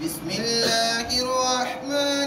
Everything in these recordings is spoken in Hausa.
بسم الله الرحمن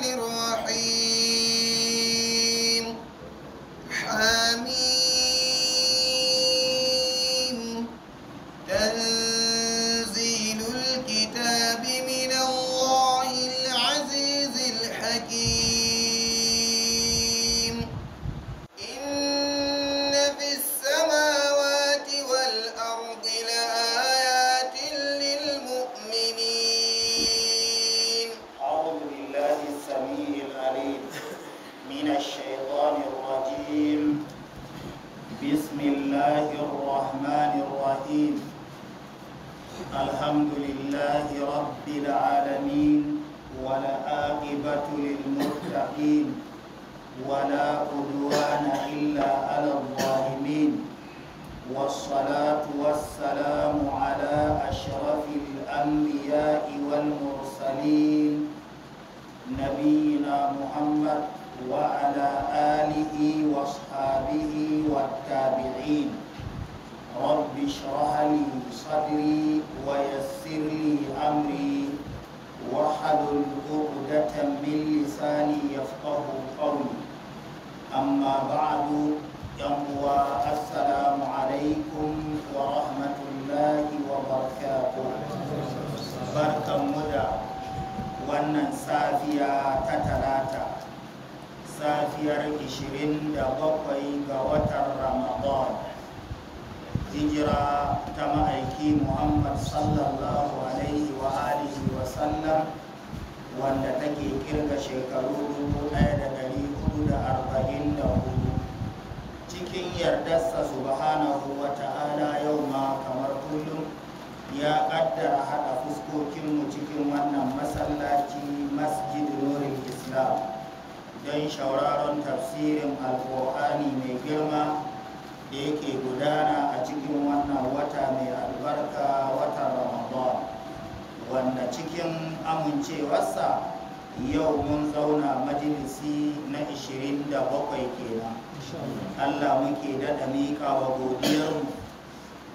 mun zauna majalisi na 27 kenan Allah muke daɗa miƙa wa godiyarmu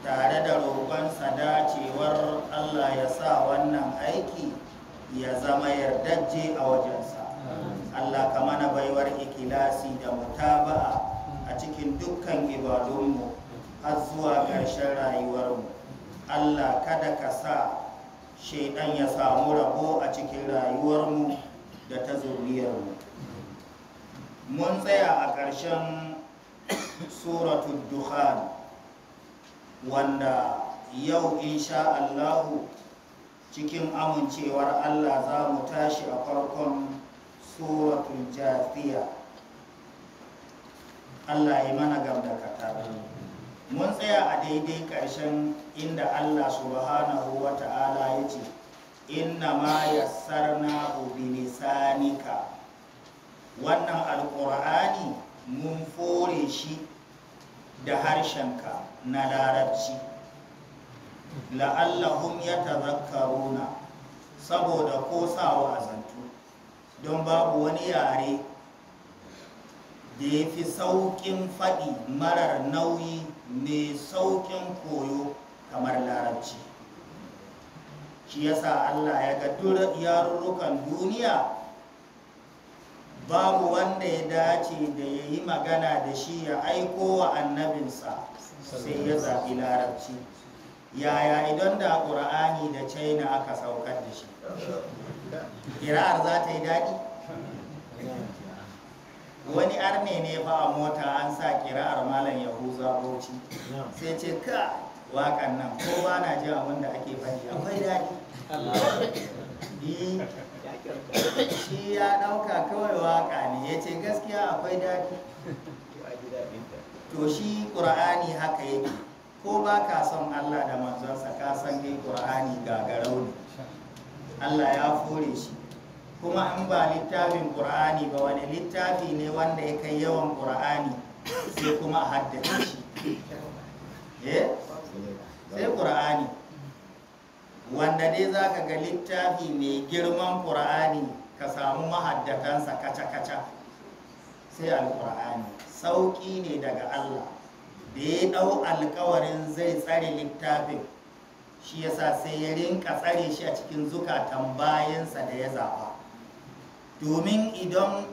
tare da roƙonsa dacewar Allah ya sa wannan aiki ya zama yardajje a wajensa Allah ka mana baiwar ikilasi da mutaba'a a cikin dukkan ibadunmu har zuwa ƙarshen rayuwarmu Allah kada ka sa shaidan ya samu rabo a cikin rayuwarmu da ta zuriyarmu mun tsaya a ƙarshen suratu dukhan wanda yau insha Allahu cikin amincewar Allah za mu tashi a farkon suratun jafiya Allah ya mana gamdakata mun tsaya a daidai ƙarshen inda Allah subhanahu wa ta'ala ya ce inna ma bi lisanika wannan alqur'ani mun fore shi da harshenka na larabci la'allahum yatazakkaruna saboda ko sawa azantu don babu wani yare da ya fi sauƙin faɗi marar nauyi mai sauƙin koyo kamar larabci shi yasa Allah ya ga yarurrukan duniya babu wanda ya dace da ya yi magana da shi ya aiko wa annabinsa sai ya zaɓi larabci yaya idan da ƙura'ani da china aka saukar da shi ƙira'ar za ta yi daɗi wani arne ne ba a mota an sa ƙira'ar malam yahuza bauchi sai ce ka waƙan nan ko ba na ji abin da ake faɗi akwai daɗi shi ya ɗauka kawai waƙa ne yace ce gaskiya akwai daɗi to shi ƙur'ani haka yake ko ba ka son allah da manzansa ka san dai ƙur'ani gagarau ne allah ya fore shi kuma an ba littafin ƙur'ani ba wani littafi ne wanda ya kai yawan ƙur'ani sai kuma a haddace shi eh? sai wanda dai za ka ga littafi mai girman ƙur'ani ka samu mahaddatansa kaca-kaca sai alƙur'ani sauƙi ne daga allah da ya ɗau alkawarin zai tsare littafin shi yasa sai ya rinka tsare shi a cikin zukatan bayansa da ya zaɓa domin idan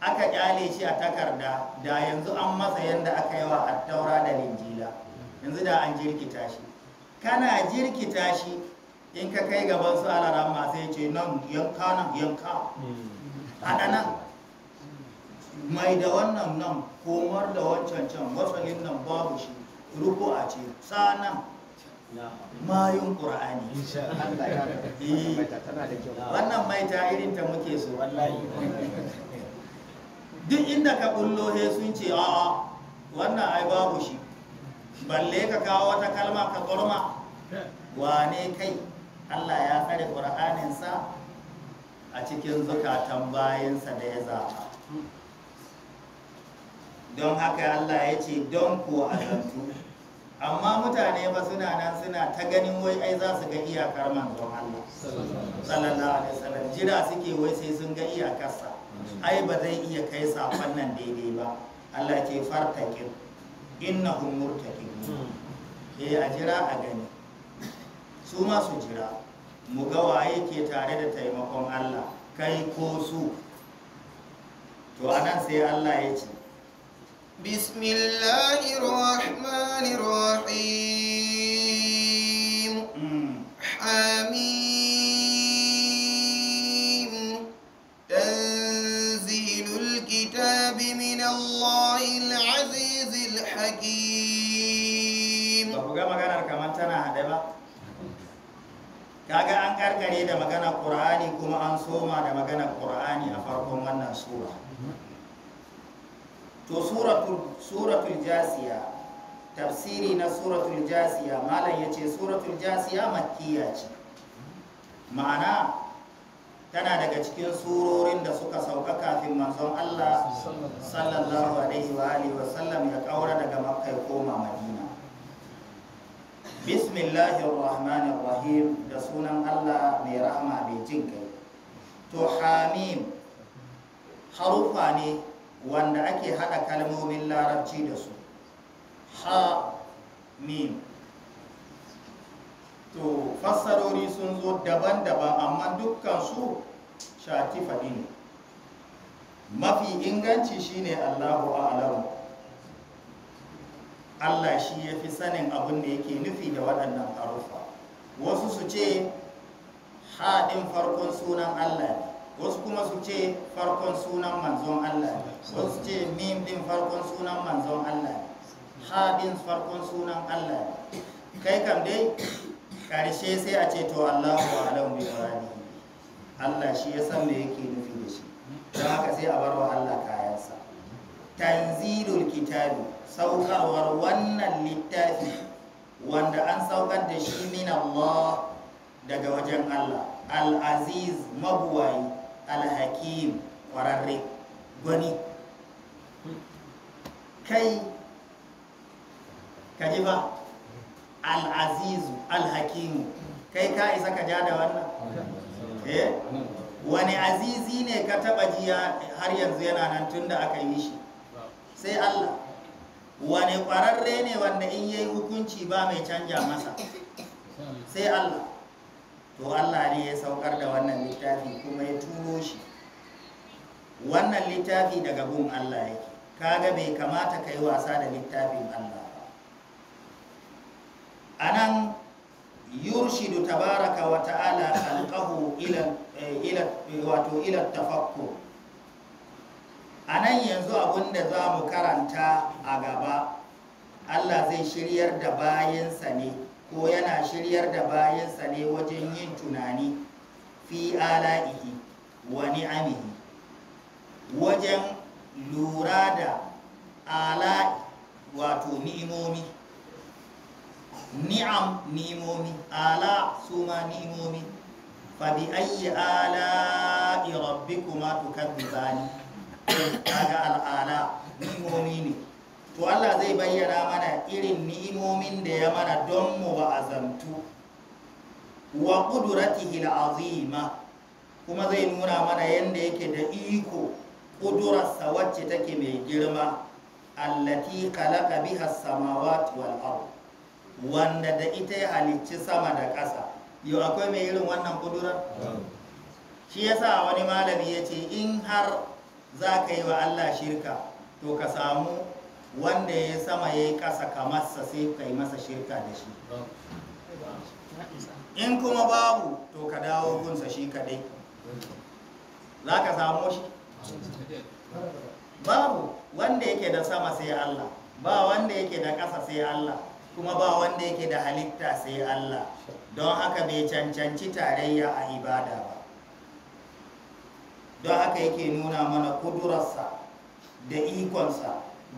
aka ƙyale shi a takarda da yanzu an masa yadda aka yi wa attaura da linjila yanzu da an jirkita shi kana jirkita shi in ka kai gaban su alarama sai ce nan yanka nan yanka hmm. haɗa nan mai da wannan nan komar da wancan can wasalin nan babu shi ruku a ce sanan mayun ƙura'ani eh. wannan mai ta irin ta muke so duk inda ka bullo sun ce a'a wannan ai babu shi balle ka kawo wata kalma ka gurma wane kai Allah ya tsare ƙur'aninsa a cikin zukatan bayansa da ya zaɓa don haka Allah ya ce don ko azantu amma mutane ba suna nan suna ta ganin wai ai za su ga iyakar manzon Allah sallallahu alaihi wasallam jira suke wai sai sun ga iyakarsa ai ba zai iya kai safan nan daidai ba Allah ke fartakin innahum murtaqibun ke a jira a gani su ma su jira mu ga waye ke tare da taimakon Allah kai ko su to anan sai Allah ya ce bismillahir mm. amin tana haɗe ba kaga an karkare da magana ƙur'ani kuma an soma da magana ƙur'ani a farkon wannan sura to suratul jasiya tafsiri na suratul jasiya malam ya ce suratul jasiya makkiya ce ma'ana tana daga cikin surorin da suka sauka kafin manzon Allah sallallahu alaihi wa sallam ya kaura daga makka ya koma madina bismillahir rahmanir rahim da sunan Allah mai rahama mai jin kai to hamim harufa ne wanda ake haɗa kalmomin larabci da su ha mim to fassarori sun zo daban-daban amma dukkan su shatifa ne mafi inganci shine Allahu a'lamu Allah shi ya fi sanin abin da yake nufi da waɗannan harufa wasu su ce haɗin farkon sunan Allah ne wasu kuma su ce farkon sunan manzon Allah ne wasu su ce mim din farkon sunan manzon Allah ne haɗin farkon sunan Allah ne kai kam dai ƙarshe sai a ce to Allahu alam bi wani Allah shi ya san me yake nufi da shi don haka sai a bar wa Allah kayansa tanzilul kitabi saukarwar wannan littafi wanda an saukar da shi min Allah daga wajen Allah al-aziz mabuwayi al-hakim kwararre gwani kai kaji ba al-azizu al kai ka isa ka ja da wannan eh? wani azizi ne ka taba jiya har yanzu yana nan tun da aka yi shi sai Allah wane kwararre ne wanda in yayi hukunci ba mai canja masa sai Allah to Allah ne ya saukar da wannan littafi kuma ya turo shi wannan littafi daga gun Allah yake kaga bai kamata ka yi wasa da littafin Allah anan yurshidu tabaraka wa ta'ala alqahu ila eh, ila wato ila tafakkur a nan yanzu abinda za mu karanta a gaba allah zai shiryar da bayansa ne ko yana shiryar da bayansa ne wajen yin tunani fi ala'ihi wa ni'amihi wajen lura da ala'i wato ni'imomi ni'am ni'imomi ala su ma ni'imomi fa bi ayyi ala'i rabbikuma tukazzibani kaga al'ada ni'imomi ne to Allah zai bayyana mana irin ni'imomin da ya mana don mu ba azamtu wa qudratihi azima kuma zai nuna mana yanda yake da iko ƙudurarsa wacce take mai girma allati khalaqa biha samawati wal ard wanda da ita ya halicci sama da ƙasa yau akwai mai irin wannan ƙudurar shi yasa wani malami ya ce in har za ka yi wa Allah shirka to ka samu wanda ya sama ya yi ƙasa kamarsa sai ka yi masa shirka da shi in kuma babu to ka dawo gunsa shi kadai za ka samu shi babu wanda yake da sama sai Allah ba wanda yake da ƙasa sai Allah kuma ba wanda yake da halitta sai Allah don haka bai cancanci tarayya a ibada ba don haka yake nuna mana kudurarsa da ikonsa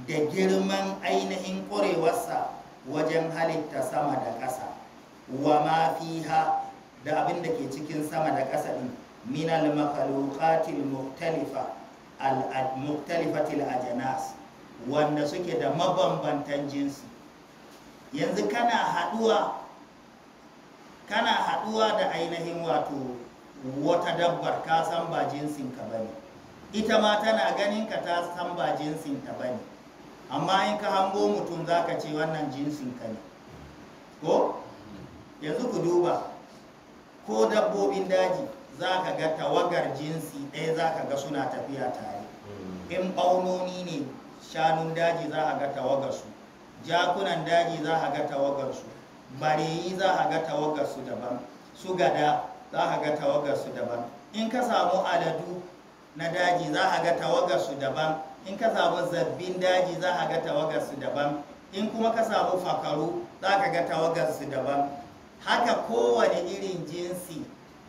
da girman ainihin ƙwarewarsa wajen halitta sama da ƙasa wa ma da abin da ke cikin sama da ƙasa ɗin min al-makhluqatil mukhtalifa wanda suke da mabambantan jinsi yanzu kana haɗuwa kana haɗuwa da ainihin wato wata dabbar ka san ba jinsin ka bane ita ma tana ganin ka ta san ba jinsin ta bane amma in ka hango mutum za ka ce wannan jinsin ka ne ko yanzu ku duba ko dabbobin daji za ka ga tawagar jinsi ɗaya za ka ga suna tafiya tare in ɓaunoni ne shanun daji za a ga tawagarsu jakunan daji za a ga tawagarsu bareyi za a ga tawagarsu daban su gada za a ga tawagar su daban in ka samu aladu na daji za a ga tawagar su daban in ka samu zabbin daji za a ga tawagar su daban in kuma ka samu fakaru za ka ga tawagar su daban haka kowane irin jinsi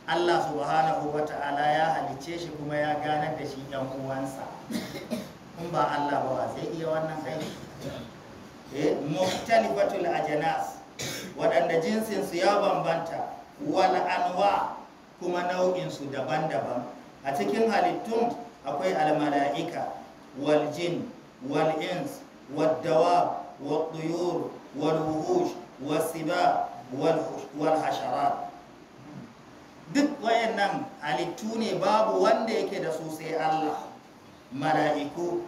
Allah subhanahu wa ta'ala ya halice shi kuma ya gane da shi yan uwansa in ba Allah ba wa zai iya wannan aiki eh muhtalifatul ajnas waɗanda jinsinsu ya bambanta wal anwa kuma nau'in su daban-daban a cikin halittun akwai almala'ika wal jin wal ins wal dawa wal duyur wal wuhush wal siba wal hasharat duk wayannan halittu ne babu wanda yake da su sai Allah mala'iku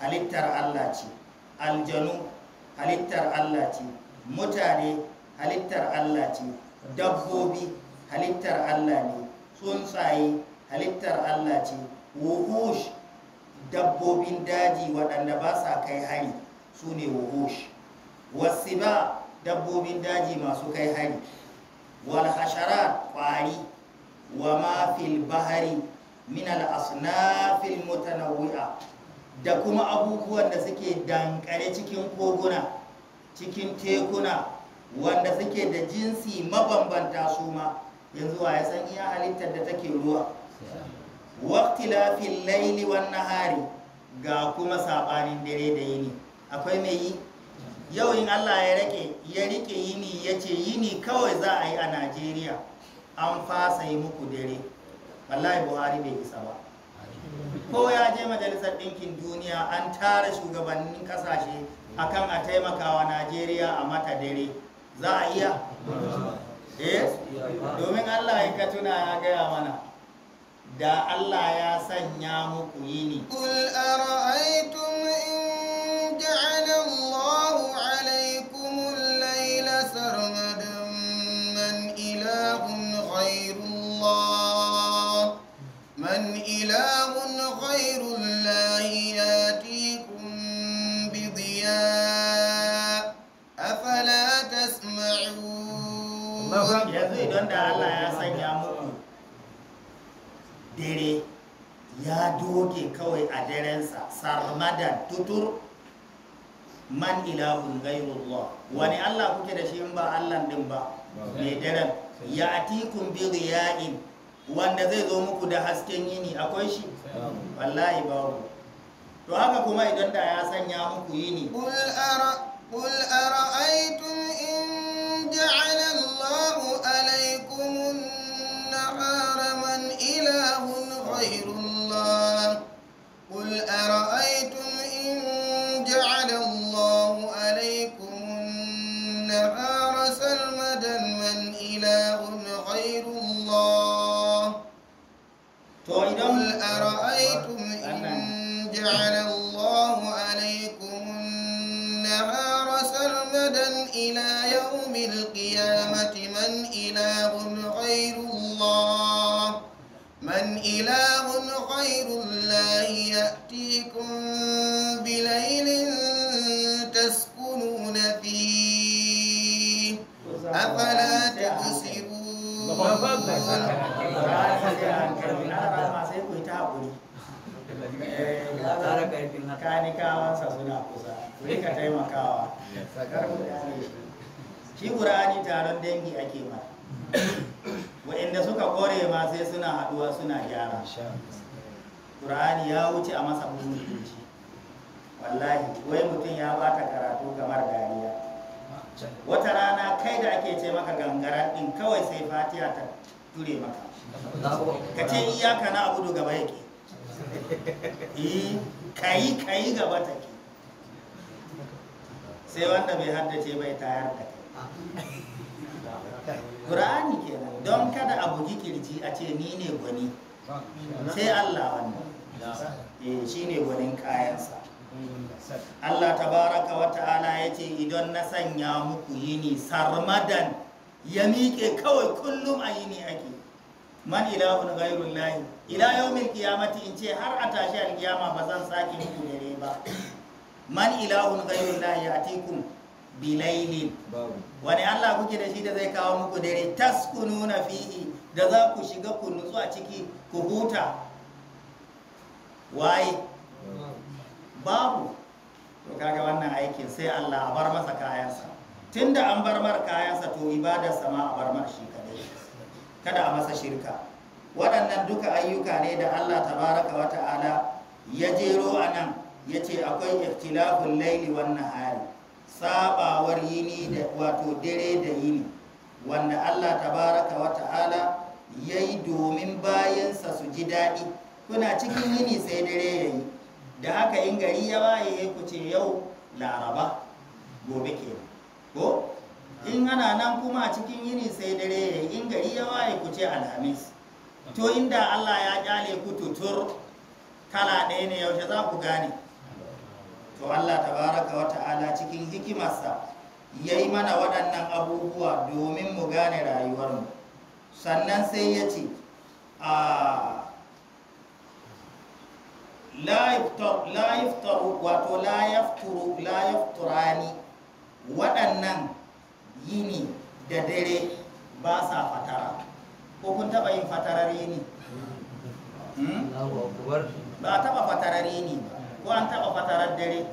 halittar Allah ce aljanu halittar Allah ce mutane halittar Allah ce dabbobi halittar Allah ne tsuntsaye halittar Allah ce wuhush dabbobin daji waɗanda ba sa kai hari su ne wuhush wasu ba dabbobin daji masu kai hari wal hasharat ƙwari wa mafil bahari min al'asnafil mutanawwi'a da kuma abubuwan da suke dankare cikin koguna cikin tekuna wanda suke da jinsi mabambanta su ma yanzu wa ya iya halittar da take ruwa lafin laili wan hari ga kuma sabanin dare da yini akwai mai yi yau in Allah ya rike ya rike yini ya ce yini kawai za a yi a Najeriya an fasa yi muku dare wallahi Buhari bai isa ba ko ya je majalisar ɗinkin duniya an tara shugabannin ƙasashe akan a taimakawa Najeriya a mata dare za a iya eh domin Allah ya ka tuna ya gaya mana da Allah ya sanya muku yini kul ara'aytum in ja'ala Allahu alaykum al-layla sarmadan man ilahun ghayru Allah man ilahun Madan tutur man ilahun gairullah wani Allah kuke da shi in ba Allah din ba mai daren ya atikun bi riya'in wanda zai zo muku da hasken yini akwai shi wallahi babu to haka kuma idan da ya sanya muku yini qul ara qul Allahu matsala sai ku suna kusa taimakawa shi shi taron dangi ake ma waɗanda suka kore ma sai suna haɗuwa suna gyara ƙur'ani ya wuce a masa mutunci wallahi wai mutum ya baka karatu kamar dariya wata rana kai da ake ce maka gangara ɗin kawai sai fatiha ta ture maka ka ce ya kana abu gaba yake eh, kayi kayi gaba take sai wanda bai haddace bai tayar da kai ƙura'ani kenan don kada a bugi kirji a ce ni ne gwani sai allah wannan eh, shi ne gwanin kayansa allah ta baraka wa ta'ala ya ce idan na sanya muku yini sarmadan ya miƙe kawai kullum a yi yini ake man ilahun gairun lahi ila mil kiyamati in ce har a tashi alkiyama ba zan sake muku dare ba man ilahun layi a tikun bilailin wani Allah kuke da shi da zai kawo muku dare nuna fi'i da za ku shiga ku nutsu a ciki ku huta waye babu to kaga wannan aikin sai Allah a bar masa kayansa tunda an bar mar kayansa to ibadarsa ma a bar mar shi kadai kada a masa shirka waɗannan duka ayyuka ne da Allah tabaraka wa ta'ala ya jero a nan ya ce akwai ikhtilafun laili wan nahari sabawar yini da wato dare da yini wanda Allah tabaraka wa ta'ala ya yi domin bayansa su ji daɗi kuna cikin yini sai dare ya yi da haka in gari ya waye ku ce yau laraba gobe kenan ko in ana nan kuma a cikin yini sai dare ya in gari ya waye ku ce alhamis to inda Allah ya kyale ku tutur kala ɗaya ne yaushe za ku gane to Allah tabaraka wa ta'ala cikin hikimarsa ya yi mana waɗannan abubuwa domin mu gane rayuwarmu sannan sai ya ce a la yaftaru wato la yafturu la yafturani waɗannan yini da dare ba sa fatara ko kun taɓa yin fatarar yini hmm? ba a taɓa fatarar yini ba ko an taɓa fatarar dare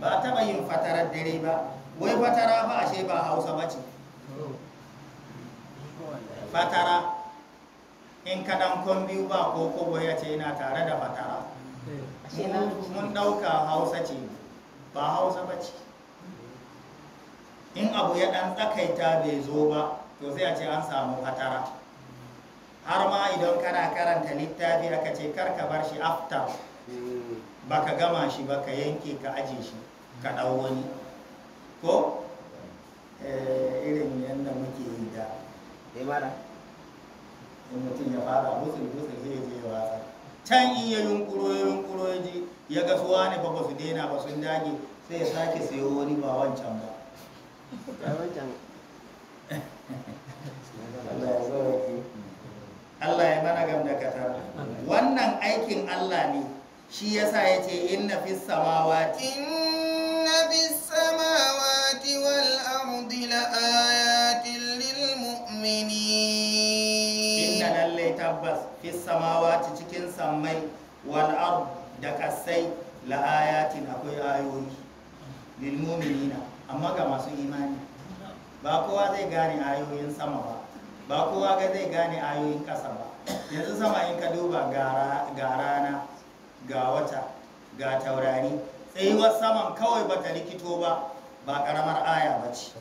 ba a taɓa yin fatarar dare ba wai fatara ba ashe ba hausa ba ce fatara in kaɗan kon biyu ba ko kobo ya ce yana tare da fatara eh, mun ɗauka hausa ce ba hausa ba ce in abu ya ɗan tsakaita bai zo ba to sai a ce an samu fatara har ma idan kana karanta littafi aka ce kar ka bar shi after baka gama shi ba ka yanke ka aje shi ka ɗau wani ko eh, irin yadda muke yi da eh, in mutum ya fara musul musul zai je ya wasa can in ya yunkuro ya yunkuro ya ji ya ga suwa ne ba ba su daina ba sun dage sai ya sake sayo wani ba wancan ba Allah ya mana da katar wannan aikin Allah ne shi yasa ya ce inna fi samawati inna fi samawati wal ardi la ayatin lil mu'minin inna lalle tabbas fi samawati cikin sammai wal ardi da kasai la ayatin akwai ayoyi lil mu'minina amma ga masu imani ba kowa zai gane ayoyin sama ba ba kowa ga zai gane ayoyin ƙasa ba yanzu sama in ka duba ga rana ga wata ga taurari tsayuwar saman kawai bata likito ba ba ƙaramar aya ba ce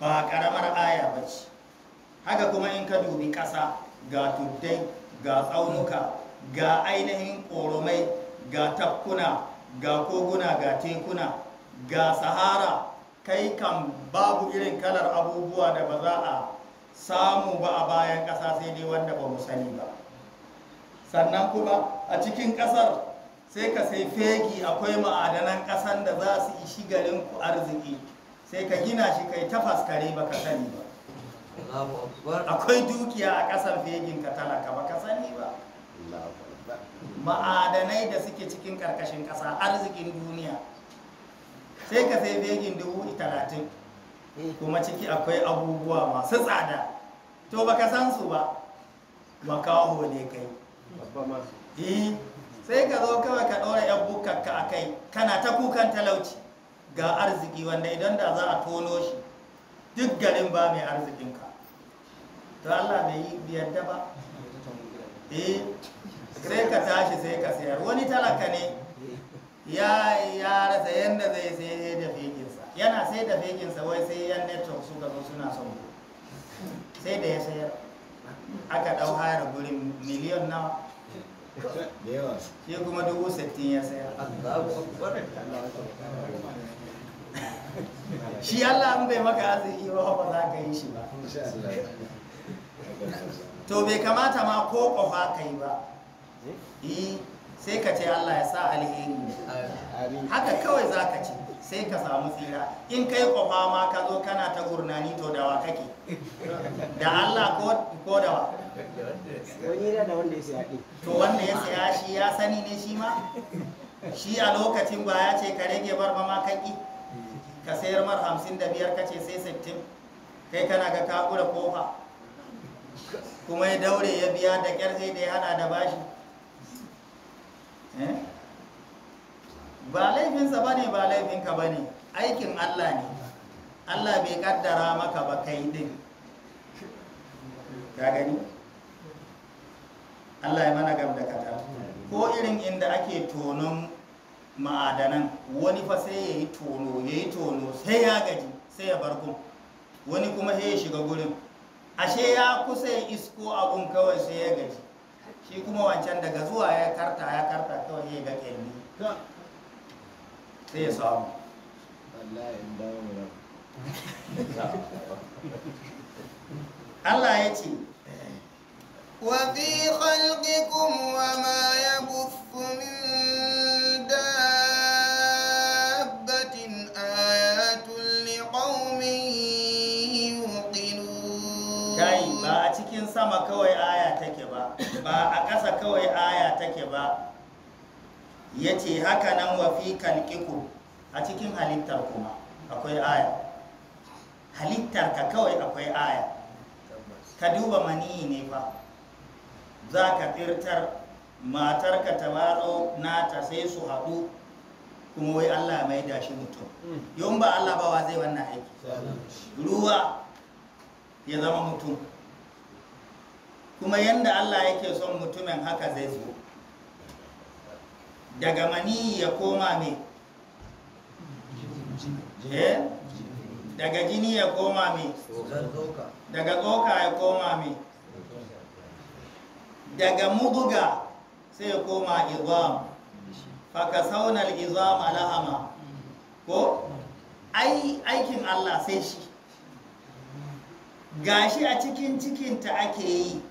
ba ƙaramar aya ba ce haka kuma in ka dubi ƙasa ga tuddai ga tsaunuka ga ainihin ƙoromai ga tafkuna ga koguna ga tekuna ga sahara kai kan babu irin kalar abubuwa da ba za a samu ba a bayan ƙasa sai dai wanda ba mu sani ba sannan kuma a cikin ƙasar sai ka sai fegi akwai ma'adanan ƙasan da za su ishi garin ku arziki sai ka gina shi kai ta faskare ba ka sani ba akwai dukiya a ƙasar fegin ka talaka ba ka sani ba ma'adanai da suke cikin karkashin kasa arzikin duniya sai ka sai begin dubu talatin kuma ciki akwai abubuwa masu tsada to baka san su ba makawo ne kai eh, sai ka zo kawai ka ɗora yan bukakka a kai kana ta kukan talauci ga arziki wanda idan da za a tono shi duk garin ba mai arzikinka to Allah bai yi biyar da ba sai ka tashi sai ka sayar wani talaka ne ya ya rasa yadda zai sai da fekinsa yana sai da fekinsa wai sai yan network suka zo suna son sai da ya sayar aka dau hara gurin miliyon na shi kuma dubu sittin ya sayar shi Allah an bai maka arziki ba ba za ka yi shi ba to bai kamata ma ko kofa ka yi ba Eh? eh sai ka ce Allah ya sa alheri haka kawai za ka ce sai ka samu tsira in kai kwafa ma ka zo kana ta gurnani to dawa kake da Allah ko dawa wani da wanda ya saya to wanda ya saya shi ya sani ne shi ma shi a lokacin ba ya ce ka rage bar ma kaki ka sayar mar hamsin da biyar ka ce sai sittin kai kana ga da kofa kuma ya daure ya biya da kyar sai da ya hana da bashi Eh? ba laifinsa ba ne ba laifinka ba ne aikin allah ne allah bai kaddara maka ba kai din ga gani allah ya mana gam da kata ko irin inda ake tonon ma'adanan wani fa sai ya yi tono ya yi tono sai ya gaji sai ya barku wani kuma sai ya shiga gurin ashe ya kusa ya isko abun kawai sai ya gaji shi kuma wancan daga zuwa ya karta ya karta kawai ya ga kelli sai ya samu Allah ya ce wa fi وما يبث ma دابة cikin sama kawai aya ba a ƙasa kawai aya take ba ya ce haka nan wafi kalkiku a cikin halittar kuma akwai aya halittar ka kawai akwai aya ka duba maniyi ne ba. za ka firtar matar ka ta na nata sai su haɗu kuma wai Allah mai da shi mutum yun mm. ba Allah ba wa zai wannan aiki ruwa ya zama mutum kuma yanda Allah yake son mutumin haka zai zo daga mani ya koma me eh? daga jini ya koma me daga tsoka ya koma me daga muduga sai ya koma izam faka saunar izam lahama ko ai aikin Allah sai shi gashi a cikin cikinta ake yi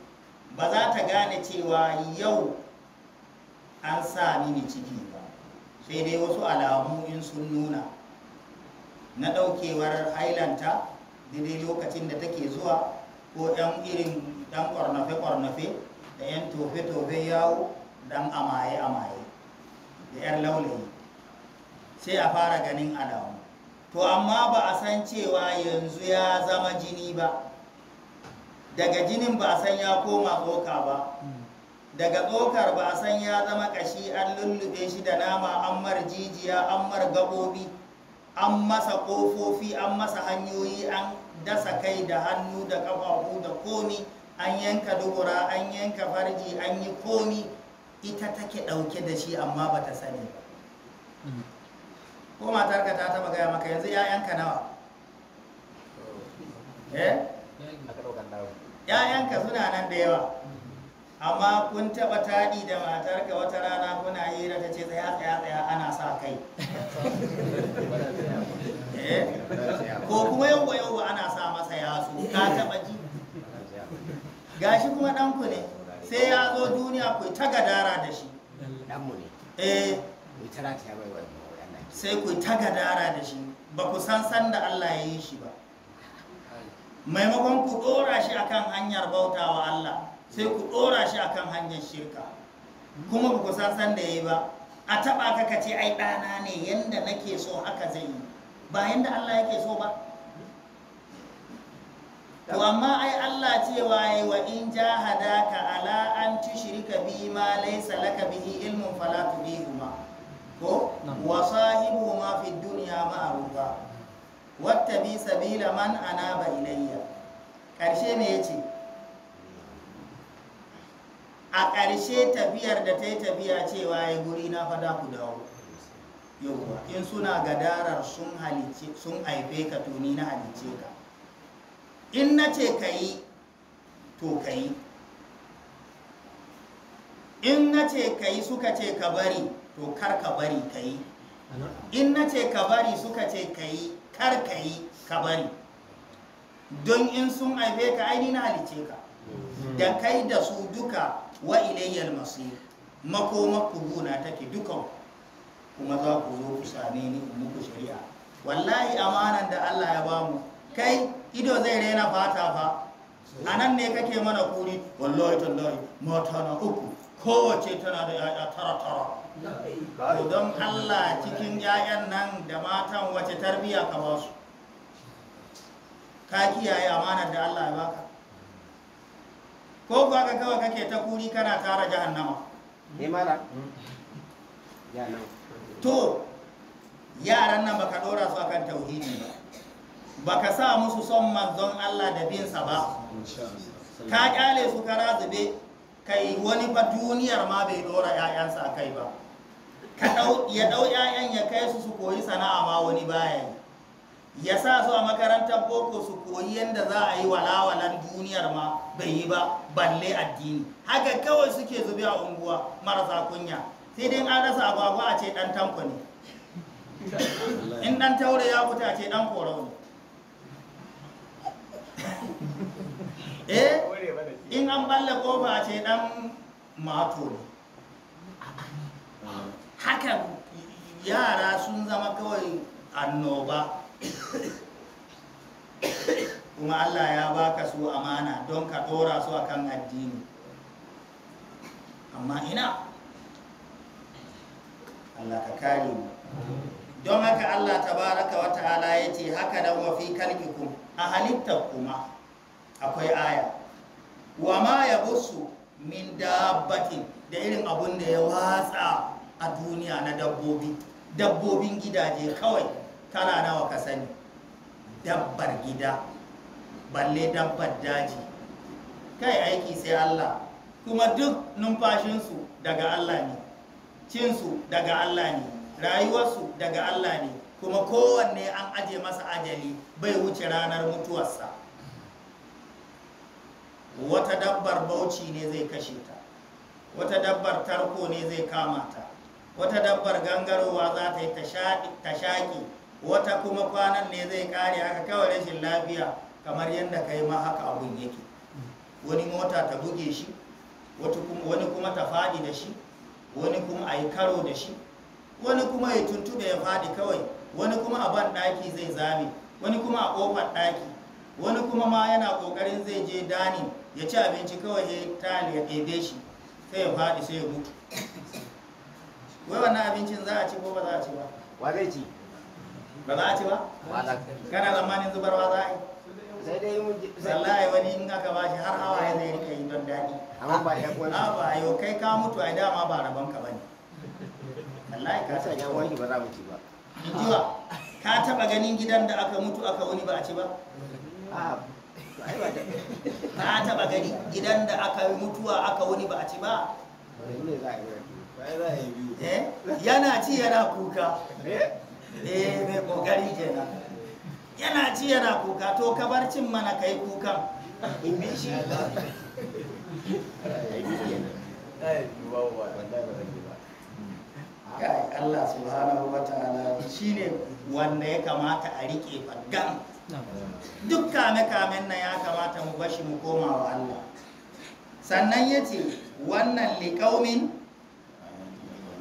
ba za ta gane cewa yau an sa mini ciki ba sai dai wasu alamu in sun nuna na ɗaukewar hailanta daidai lokacin da take zuwa ko yan irin ɗan kwarnafe kwarnafe da 'yan tofe-tofe yawo ɗan amaye-amaye da 'yan laulayi sai a fara ganin alamu to amma ba a san cewa yanzu ya zama jini ba daga jinin ba a san ya koma tsoka ba daga tsokar ba a san ya zama kashi an lullube shi da nama an mar jijiya an mar gabobi an masa ƙofofi an masa hanyoyi an dasa kai da hannu da kafafu da komi an yanka dubura an yanka farji an yi komi ita take ɗauke da shi amma ba ta sani ba ko ka ta taba gaya maka yanzu yanka nawa eh? ‘ya'yanka suna nan da yawa amma kun taɓa taɗi da matarka wata rana kuna hira ta ce tsaya tsaya tsaya ana sa kai eh? ko kuma yau yau ana sa masa yatsu ka taɓa ji gashi kuma ɗanku ne sai ya zo duniya ku ta gadara da shi eh. sai ku ta gadara da shi ba ku san san da Allah ya yi shi ba maimakon ku ɗora shi akan hanyar bautawa Allah sai ku ɗora shi akan hanyar shirka kuma ba ku san san da yayi ba a taɓa ka kace ai ɗana ne yanda nake so haka zai yi ba yanda Allah yake so ba to amma ai Allah cewa ai wa in jahadaka ala an tushrika bi ma laysa laka bihi ilmun fala tubihuma ko wa sahibuhuma fid dunya ma'rufa wata bi sabila man ba ilayya ƙarshe ne ya ce a ƙarshe tafiyar da ta yi tafiya cewa ya guri na fada ku dawo yauwa in suna gadarar sun halice sun haife ka to ni na halice ka in na ce ka yi to ka yi in na ce ka yi suka ce ka bari to kar ka bari ka yi in na ce ka bari suka ce ka yi kar ka yi ka bari don in sun haife ka aini na halice ka da kai da su duka wa ilayyar masu makomar kubuna take dukan kuma za ku zo ku same ni in muku shari'a wallahi amanan da Allah ya ba mu kai ido zai rena fata fa a nan ne kake mana kuri wallahi tallahi mata na uku kowace tana da yaya tara tara don Allah cikin 'ya'yan nan da matan wace tarbiya ka ba su ka kiyaye amanar da Allah ya baka ko kuwa ka kawai kake ta kuri kana tara jahannama ne mara to yaran nan baka dora su akan tauhidi ba baka sa musu son manzon Allah da binsa ba ka kyale su kara zube kai wani ba duniyar ma bai dora 'ya'yansa kai ba ya ɗau 'ya'yan ya kai su su koyi sana'a ma wani baya ya sa su a makarantar boko su koyi yadda za a yi walawalan duniyar ma bai yi ba balle addini haka kawai suke zube a unguwa marasa kunya sai dai an rasa agwagwa a ce ɗan tanko ne in ɗan taure ya fita a ce ɗan koro ne eh in an balle kofa a ce ɗan mato ne hakan yara sun zama kawai annoba kuma Allah ya baka su amana don ka dora su akan addini amma ina Allah ka kare mu don haka Allah tabaraka wa ta'ala yace haka da wa fi kalbikum a halittar kuma akwai aya wa ma yabussu min dabbatin da irin abun da ya watsa a duniya na dabbobi dabbobin gidaje kawai tana nawa ka sani dabbar gida balle dabbar daji kai aiki sai Allah kuma duk numfashinsu daga Allah ne cinsu daga Allah ne rayuwarsu daga Allah ne kuma kowanne an aje masa ajali bai wuce ranar mutuwarsa wata dabbar bauchi ne zai kashe ta wata dabbar tarko ne zai kama ta wata dabbar gangarowa za ta yi ta shaƙi wata kuma kwanan ne zai kare haka kawai rashin lafiya kamar yadda ka yi ma haka abin yake wani mota ta buge shi wani kuma ta faɗi da shi wani kuma a yi karo da shi wani kuma ya tuntube ya faɗi kawai wani kuma a ban ɗaki zai zame wani kuma a ƙofar ɗaki wani kuma ma yana ƙoƙarin zai je dani ya ci abinci kawai ya tali ya ɗebe shi sai ya faɗi sai ya mutu wai wannan abincin za a ci ko ba za a ci ba wa zai ci ba za a ci ba kana zamanin zubarwa za a yi sai dai wani in aka bashi har hawa ya zai rika yi don daji. amma ba ya ba yo kai ka mutu ai dama ba rabon ka bane wallahi ka sa ya wani ba za mu ci ba injiwa ka taba ganin gidan da aka mutu aka wani ba a ci ba ka taba gani gidan da aka mutuwa aka wani ba a ci ba Eh? yana ci yana kuka eh mai kokari kenan yana ci yana kuka to ka bar cin mana kai kuka in bi shi kai Allah subhanahu wa ta'ala shi ne wanda ya kamata a riƙe faggan duk kame-kamen nan ya kamata mu bashi mu koma wa Allah sannan ya ce wannan liƙaumin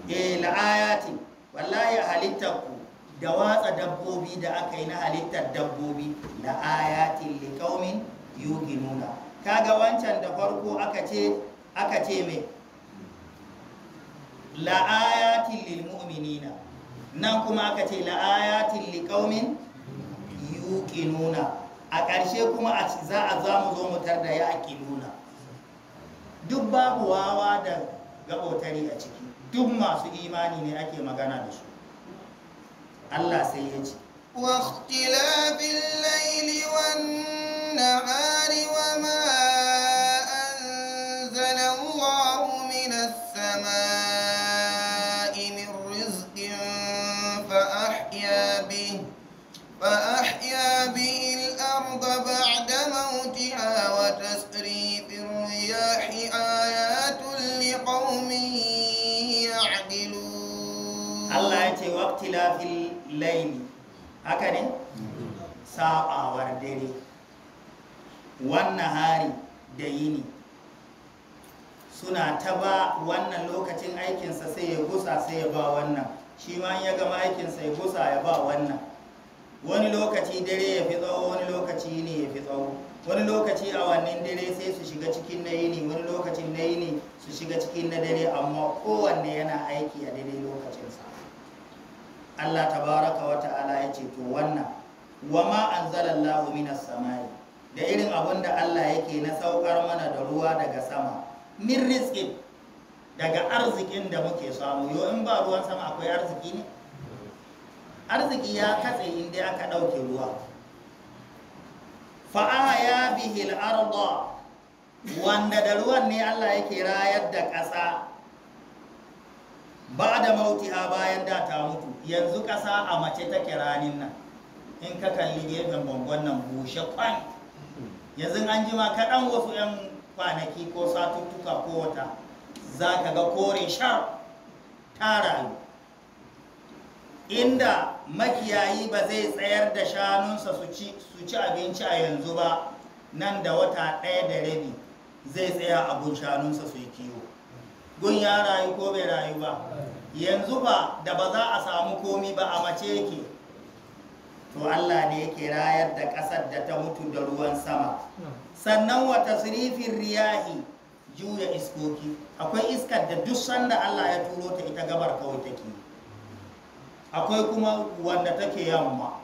eh la'ayati wallahi halittar ku da watsa dabbobi da aka yi na halittar dabbobi la'ayatin liqaumin yuqinuna kaga wancan da farko aka ce aka ce me la'ayatin lilmu'minina nan kuma aka ce la'ayatin liqaumin yuqinuna a ƙarshe kuma a za a za mu zo mu da ya aqiluna duk babu wawa da gabotari a ciki duk masu imani ne ake magana da su Allah sai ya ce واختلاف الليل والنهار وما أنزل الله minas samaa ikhtilafil laili haka ne sabawar dare wannan hari da yini suna ta ba wannan lokacin aikinsa sai ya gusa sai ya ba wannan shi ma ya gama aikinsa ya gusa ya ba wannan wani lokaci dare ya fi tsawo wani lokaci ne ya fi tsawo wani lokaci a wannan dare sai su shiga cikin na yini wani lokacin na yini su shiga cikin na dare amma kowanne yana aiki a daidai lokacinsa Allah tabaraka wa ta'ala ya ce to wannan wa ma anzalallahu minas samai da irin abin da Allah yake na saukar mana da ruwa daga sama min rizqin daga arzikin da muke samu yo in ba ruwan sama akwai arziki ne arziki ya katse inda aka ɗauke ruwa fa'aya bihil arda wanda da ruwan ne Allah yake rayar da ƙasa ba da a bayan da ta mutu yanzu kasa a mace ta kiranin nan in ka kalli gefen bangon nan bushe kwan yanzu an ma kaɗan wasu 'yan kwanaki ko satuttuka ko wata za ka ga kore shar ta rayu inda makiyayi ba zai tsayar da shanunsa su ci abinci a yanzu ba nan da wata ɗaya da rabi zai tsaya abun shanunsa su yi kiwo gun ya rayu ko bai rayu ba yanzu ba da ba za a samu komi ba a mace yake to Allah ne yake rayar da ƙasar da ta mutu da ruwan sama sannan wa tasrifin riyahi juya iskoki akwai iskar da duk sanda Allah ya turo ta ita gabar kawai take akwai kuma wanda take yamma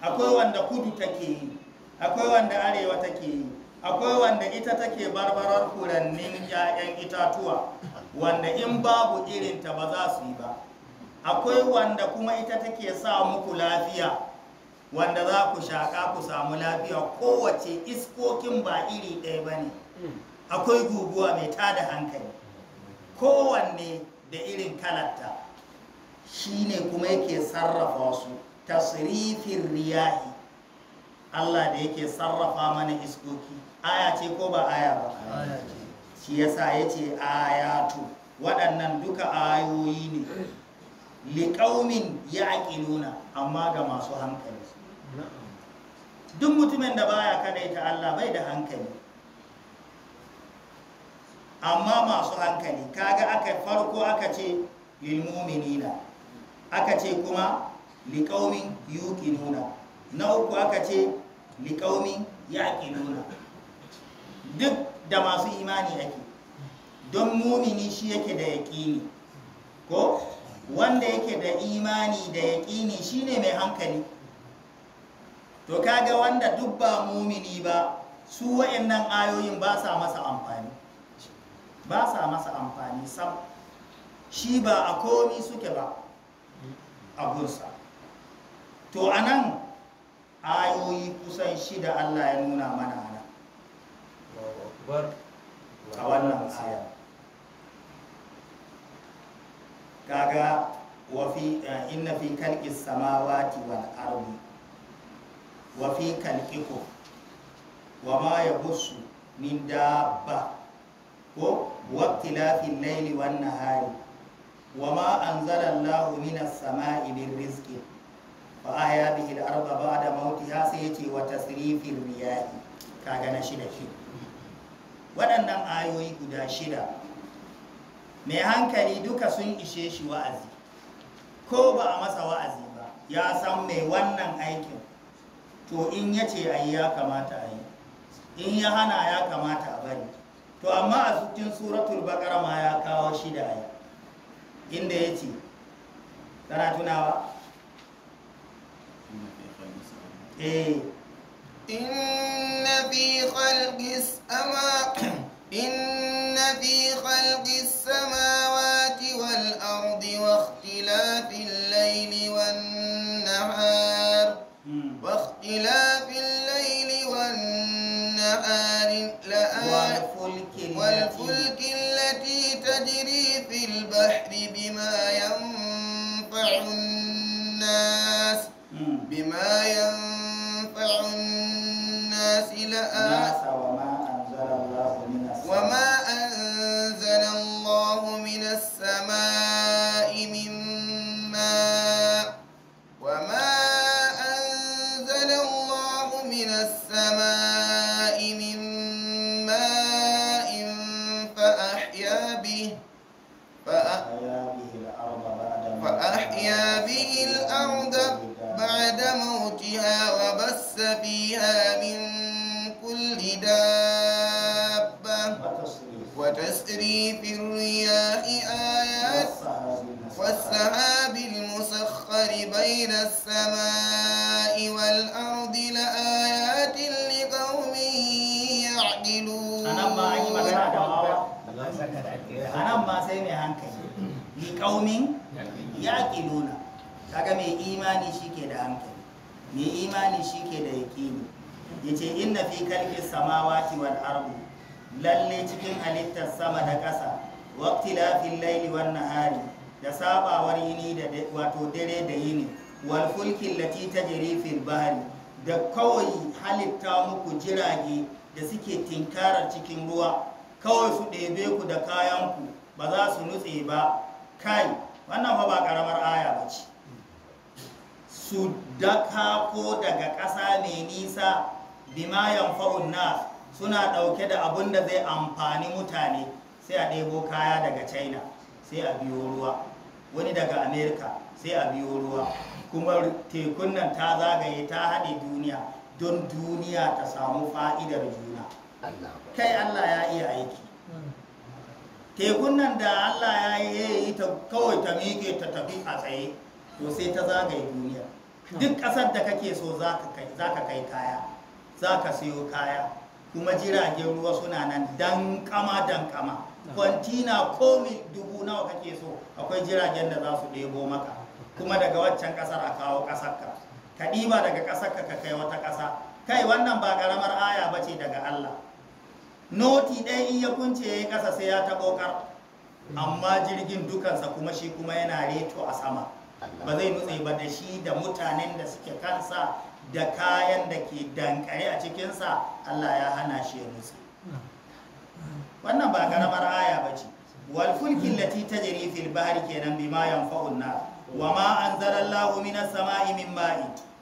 akwai wanda kudu take yi akwai wanda arewa take yi akwai wanda ita take barbarar furannin 'ya'yan itatuwa wanda in babu irinta ba za su yi ba akwai wanda kuma ita take sa muku lafiya wanda za ku shaƙa ku samu lafiya kowace iskokin ba iri ɗaya ba ne akwai guguwa mai tada hankali kowanne da irin kalatta shi ne kuma yake sarrafa su tasirifin riyahi Allah da yake sarrafa mana iskoki aya ce ko ba aya ba shi yasa yace ayatu waɗannan duka ayoyi ne liƙaumin ya nuna, amma ga masu hankali duk mutumin da baya kadaita Allah bai da hankali amma masu hankali kaga aka farko aka ce lilmuminina aka ce kuma liƙaumin nuna, na uku aka ce liƙaumin ya nuna. duk da masu imani ake don mumini shi yake da yaƙini ko wanda yake da imani da yaƙini shine mai hankali to kaga wanda duk ba mumini ba su wa'annan ayoyin ba sa masa amfani ba sa masa amfani sam shi ba a komi suke ba a gunsa to anan ayoyi kusan shida Allah ya nuna mana babbar kaga wa fi eh, inna fi khalqis samawati wal ardi wa fi khalqikum wa ma yabussu min dabba ko waqtilafil layli wan nahari wa ma anzala Allahu minas sama'i bir rizqi fa ahya bihi al-ardha ba'da mautiha sai yace wa tasrifir riyahi kaga na shida shi waɗannan ayoyi guda shida mai hankali duka sun ishe shi wa'azi ko ba a masa wa'azi ba ya san mai wannan aikin to in ya ce a ya kamata a yi in ya hana ya kamata a bari to amma a cikin suratul baƙar ma ya kawo shida yi. inda ya ce tana tunawa eh إن في خلق السماوات والأرض واختلاف الليل والنهار واختلاف الليل والنهار التي تجري في البحر بما ينفع الناس بما ينفع الناس لآ وما أنزل الله من السماء بين السماء والأرض لآيات لقوم يعقلون anan ma sai mai hankali ni kaumin ya kiluna kaga mai imani shike da hankali mai imani shike da yaqini yace inna fi kalqis samawati wal ardi lalle cikin halittar sama da ƙasa waqtilafil layli wan nahari da sabawar yini da wato dare da yini wal fulkin lati tajri fil bahri da kawai halitta muku jirage da suke tinkarar cikin ruwa kawai su ɗebe ku da kayanku ba za su nutse ba kai wannan fa ba karamar aya ba ce su daka ko daga ƙasa mai nisa bimayan fa'un na suna ɗauke da abin da zai amfani mutane sai a ɗebo kaya daga china sai a biyo ruwa wani daga amerika sai a biyo ruwa kuma tekun nan ta zagaye ta haɗe duniya don duniya ta samu fa'idar juna kai allah ya iya aiki tekun nan da allah ya yi ta kawai ta miƙe ta tafi a tsaye to sai ta zagaye duniya duk ƙasar da kake so za ka kai kaya za ka siyo kaya kuma jiragen ruwa suna nan dankama dankama kwantina komi dubu nawa kake so akwai jiragen da za su ɗebo maka kuma daga waccan ƙasar a kawo ƙasarka ka ɗiba daga ƙasarka ka kai wata ƙasa kai wannan ba ƙaramar aya ba ce daga Allah noti ɗaya in ya kunce ya yi ƙasa sai ya taɓo ƙar amma jirgin dukansa kuma shi kuma yana reto a sama ba zai nutse ba da shi da mutanen da suke kansa da kayan da ke dankare a cikinsa Allah ya hana shi ya nutse wannan ba ƙaramar aya ba ce wal fulki allati tajri fil bahri kenan bima yanfa'un nas wa ma anzalallahu minas sama'i min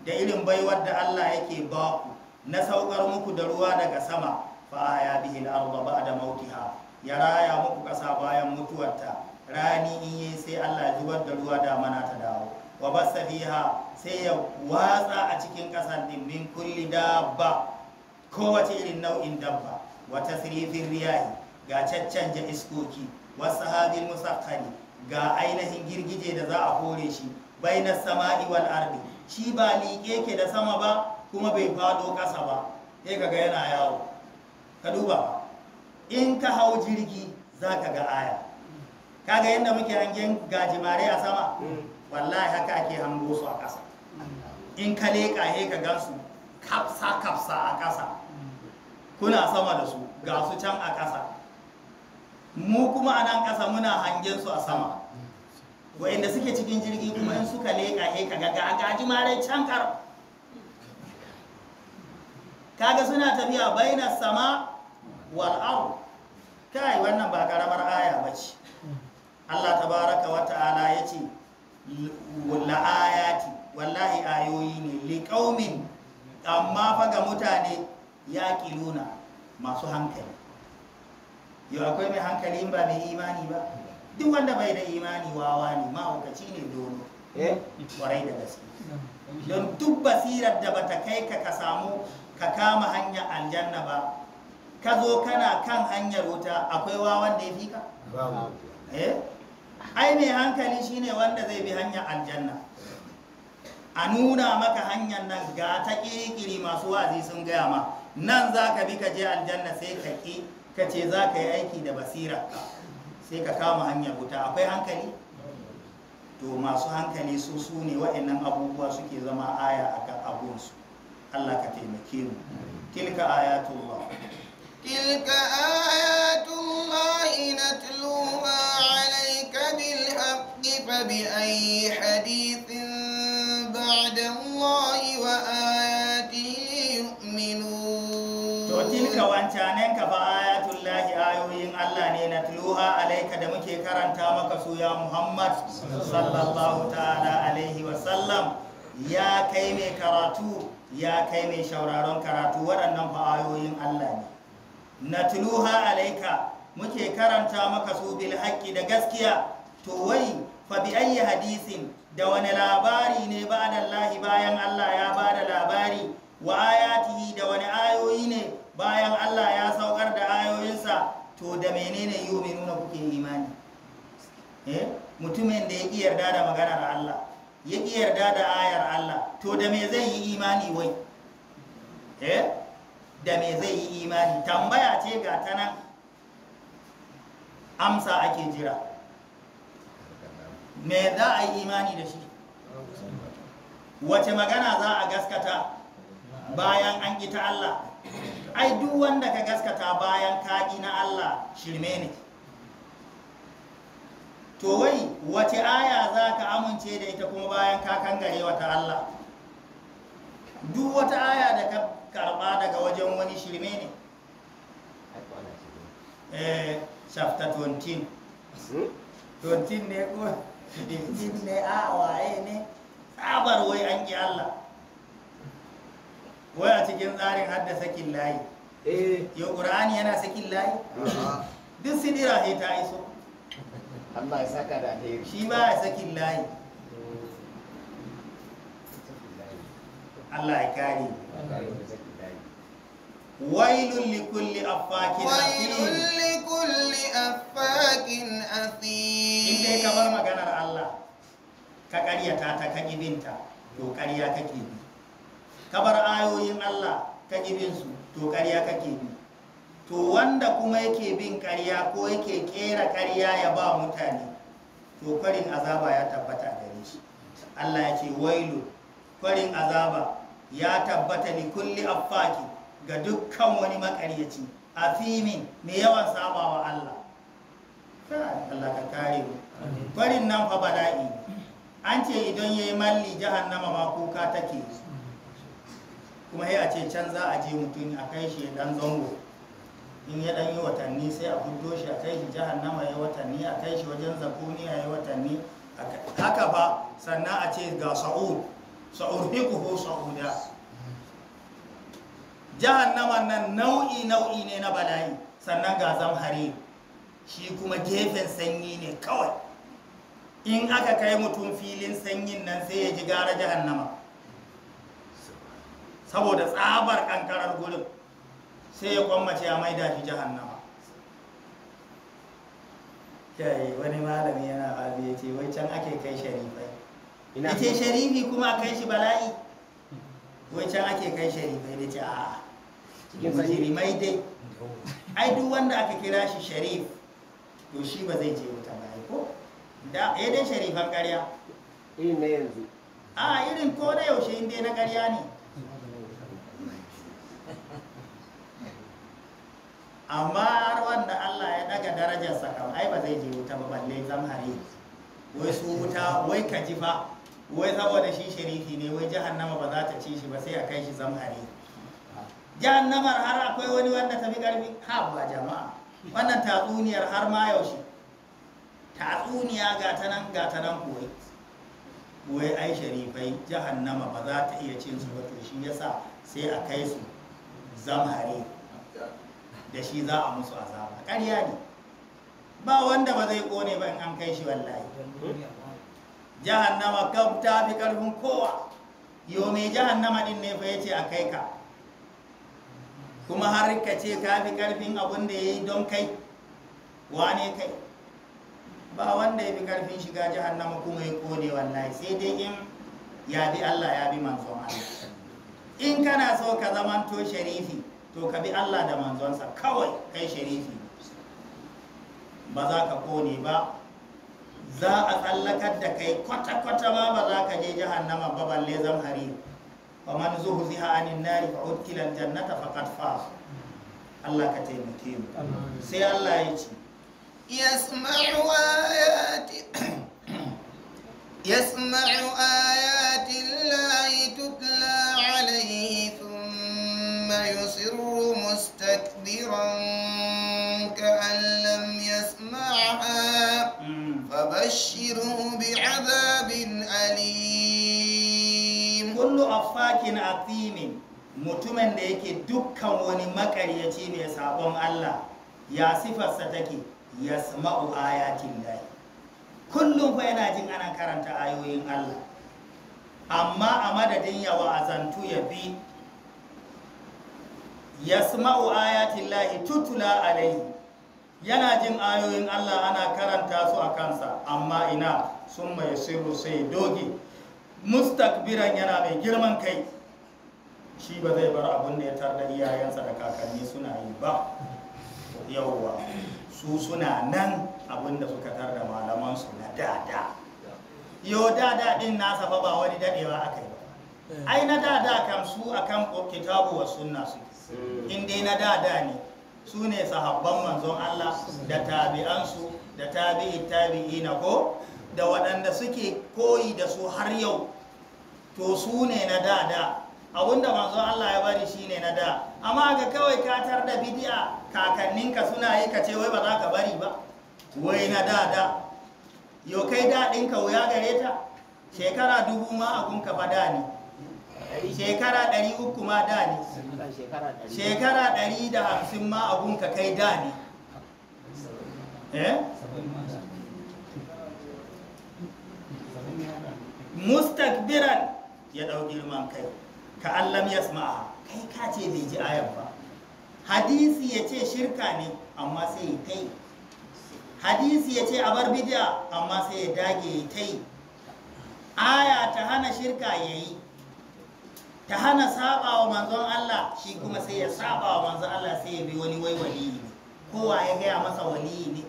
da irin baiwar da Allah yake ba ku na saukar muku da ruwa daga sama fa aya bihi al-ardha ba'da mautiha ya raya muku kasa bayan mutuwarta rani in yi sai Allah zubar da ruwa da mana ta dawo wa basa fiha sai ya watsa a cikin kasan din min kulli dabba kowace irin nau'in dabba wa tasrifin riyahi ga caccanja iskoki wasu musa musakkari ga ainihin girgije da za a hore shi bai na sama iwal ardi shi ba liƙe ke da sama ba kuma bai fado ƙasa ba sai ka ga yana yawo ka duba in ka hau jirgi za ka ga aya Ka ga yadda muke hangen gajimare a sama wallahi haka ake hango su a ƙasa in ka leƙa he ka gansu kapsa kapsa a ƙasa kuna sama da su ga su can a ƙasa mu kuma a nan ƙasa muna hangen su a sama wa'inda suke cikin jirgi kuma in suka leƙa he eh, ka ga gaji mare can kar kaga suna tafiya baina sama wal ard kai wannan ba karamar aya bace Allah tabaraka wa ta'ala yace la ayati wallahi ayoyi ne liqaumin amma fa ga mutane yaqiluna masu hankali yau akwai mai hankali ba mai imani ba duk wanda bai da imani wawa ne mahaukaci ne dono eh? kwarai da gaske don duk basirar da bata kai ka ka samu ka kama hanyar aljanna ba ka zo kana kan hanyar wuta akwai wawan da ya fi ka eh? ai mai hankali shine wanda zai bi hanyar aljanna a nuna maka hanyar nan ga ta kirikiri masu wazi sun gaya ma nan za ka bi ka je aljanna sai ka ƙi. ka ce za ka yi aiki da basira sai ka kama hanyar wuta akwai hankali to masu hankali su su ne wa'annan abubuwa suke zama aya a ga abunsu allah ka taimake mu tilka ayatullah tilka ayatullah natluha alaika bil haqqi fa bi ayi hadith natluha alaika da muke karanta maka su ya Muhammad sallallahu ta'ala alaihi wa sallam ya kai mai karatu ya kai mai shauraron karatu waɗannan ayoyin Allah ne Na tuluha alaika muke karanta maka su bil haqqi da gaskiya to wai fa bi ayyi hadisin da wani labari ne Allah bayan Allah ya bada labari wa ayatihi da wani ayoyi ne bayan Allah ya saukar da ayoyinsa to da menene yu'minuna kuke imani eh mutumin da ya ƙi yarda da maganar Allah ya ƙi yarda da ayar Allah to da me zai yi imani wai eh da me zai yi imani tambaya ce ga ta nan amsa ake jira me za a yi imani da shi wace magana za a gaskata bayan an ƙi ta Allah ai duk wanda ka gaskata bayan kaji na Allah shirme ne to wai wace aya za ka amince da ita kuma bayan ka kangare wata Allah duk wata aya da ka karɓa daga wajen wani shirme ne eh shafta 20 20 ne ko 20 ne a waye ne tsabar wai an ƙi Allah wai a cikin tsarin hadda sakin layi eh. yau ƙur'ani yana sakin layi duk sidira sai ta iso Allah ya saka da yi. shi ba ya sakin layi Allah ya kare wailun likulli affakin wailun likulli affakin athim inda ya kamar maganar Allah ka ƙaryata ta ka ibinta to ƙarya kake bi ka bar ayoyin Allah ka ƙi su to ƙarya kake bi to wanda kuma yake bin ƙarya ko yake ƙera ƙarya ya ba mutane to kwarin azaba ya tabbata gare shi Allah ya ce wailu kwarin azaba ya tabbata ni kulli affaki ga dukkan wani makaryaci a fimin mai yawan saba wa Allah Allah kwarin nan fa bala'i an ce idan yayi malli jahannama ma kuka take kuma ya ce can za a je mutum a kai shi dan zango in ya dan yi watanni sai a fito shi a kai shi jahannama ya watanni a kai shi wajen zakuni ya yi watanni haka ba sannan a ce ga sa'ud sa'ud ko sa'uda jahannama nan nau'i nau'i ne na bala'i sannan ga zamhari shi kuma gefen sanyi ne kawai in aka kai mutum filin sanyin nan sai ya ji gara jahannama saboda tsabar kankarar gudun, sai ya kwammace ya maida shi jahannama yayi wani malami yana babu ya ce wai can ake kai sharifai ya ce sharifi kuma kai shi bala'i wai can ake kai sharifai da ce a'a musulmai dai ai duk wanda aka kira shi sharif to shi ba zai je wuta ba ko da ya eh dai sharifan karya irin na yanzu a irin ko na yaushe inda na karya ne amma har wanda Allah ya daga darajar sa kan ai ba zai je wuta ba balle zamhari wai su wuta wai ka ji fa wai saboda shi sharifi ne wai jahannama ba za ta ci shi ba sai a kai shi zamhari jahannamar har akwai wani wanda ta fi karfi ha ba jama'a wannan tatsuniyar har ma yaushe tatsuniya ga ta nan ga ta nan kuwai wai ai sharifai jahannama ba za ta iya cin su ba to shi yasa sai a kai su zamhari da shi za a musu azaba ƙarya ne ba wanda ba zai kone ba in an kai shi wallahi jahannama kam ta fi karfin kowa yau mai jahannama din ne fa ce a kai ka kuma har ka ce ka fi karfin abin da ya yi don kai wane kai ba wanda ya fi karfin shiga jahannama kuma ya kone wallahi sai dai in ya bi Allah ya bi manzon Allah in kana so ka zamanto sharifi to ka bi Allah da manzonsa kawai kai sharifi ba za ka kone ba za a tsallakar da kai kwata-kwata ma ba za ka je jahannama ba balle zamhari wa man ziha anin nari fa udkila aljannata faqad faz Allah ka taimake mu sai Allah ya ce yasma'u ayati يسمع آيات الله تتلى ثم يصر مستكبرا كأن لم يسمعها فبشره بعذاب أليم كل أفاك أثيم mutumin da yake dukkan wani makaryaci mai sabon Allah ya sifarsa take ya sama'u ayatin lahi kullum fa yana jin ana karanta ayoyin Allah amma a madadin ya wa'azantu ya bi yasma'u Lahi, tutula alaihi yana jin ayoyin Allah ana karanta su a kansa amma ina sun mai sirru sai doge mustakbiran yana mai girman kai shi ba zai bar abin da ya tarda iyayensa da kakanni suna yi ba yauwa su suna nan abin da suka tarda malamansu na dada yau dada din nasa fa ba wani dadewa aka yi ba ai na dada kam su akan kitabu wa sunna suke Mm. in dai na dada da ne su ne sahabban manzon Allah da tabi'ansu da tabi'i tabi'ina ko da waɗanda suke koyi da su har yau to su ne na da da abinda manzon Allah ya bari shine na da amma ga kawai ka tar da bidi'a kakanninka suna yi ka ce wai ba za ka bari ba wai na da da yau kai daɗinka wuya gare ta shekara dubu ma abun ka fada ne shekara ɗari uku ma da ne shekara ɗari da hamsin ma abun ka kai da ne eh? mustakbiran ya ɗau girman kai ka allam ya a kai ka ce bai ji ayan ba hadisi ya ce shirka ne amma sai ya kai hadisi ya ce a bar bidiya amma sai ya dage ya kai aya ta hana shirka ya yi ta hana saba wa manzon Allah shi kuma sai ya saba wa manzon Allah sai ya bi wani wai waliyi ne kowa ya gaya masa waliyi ne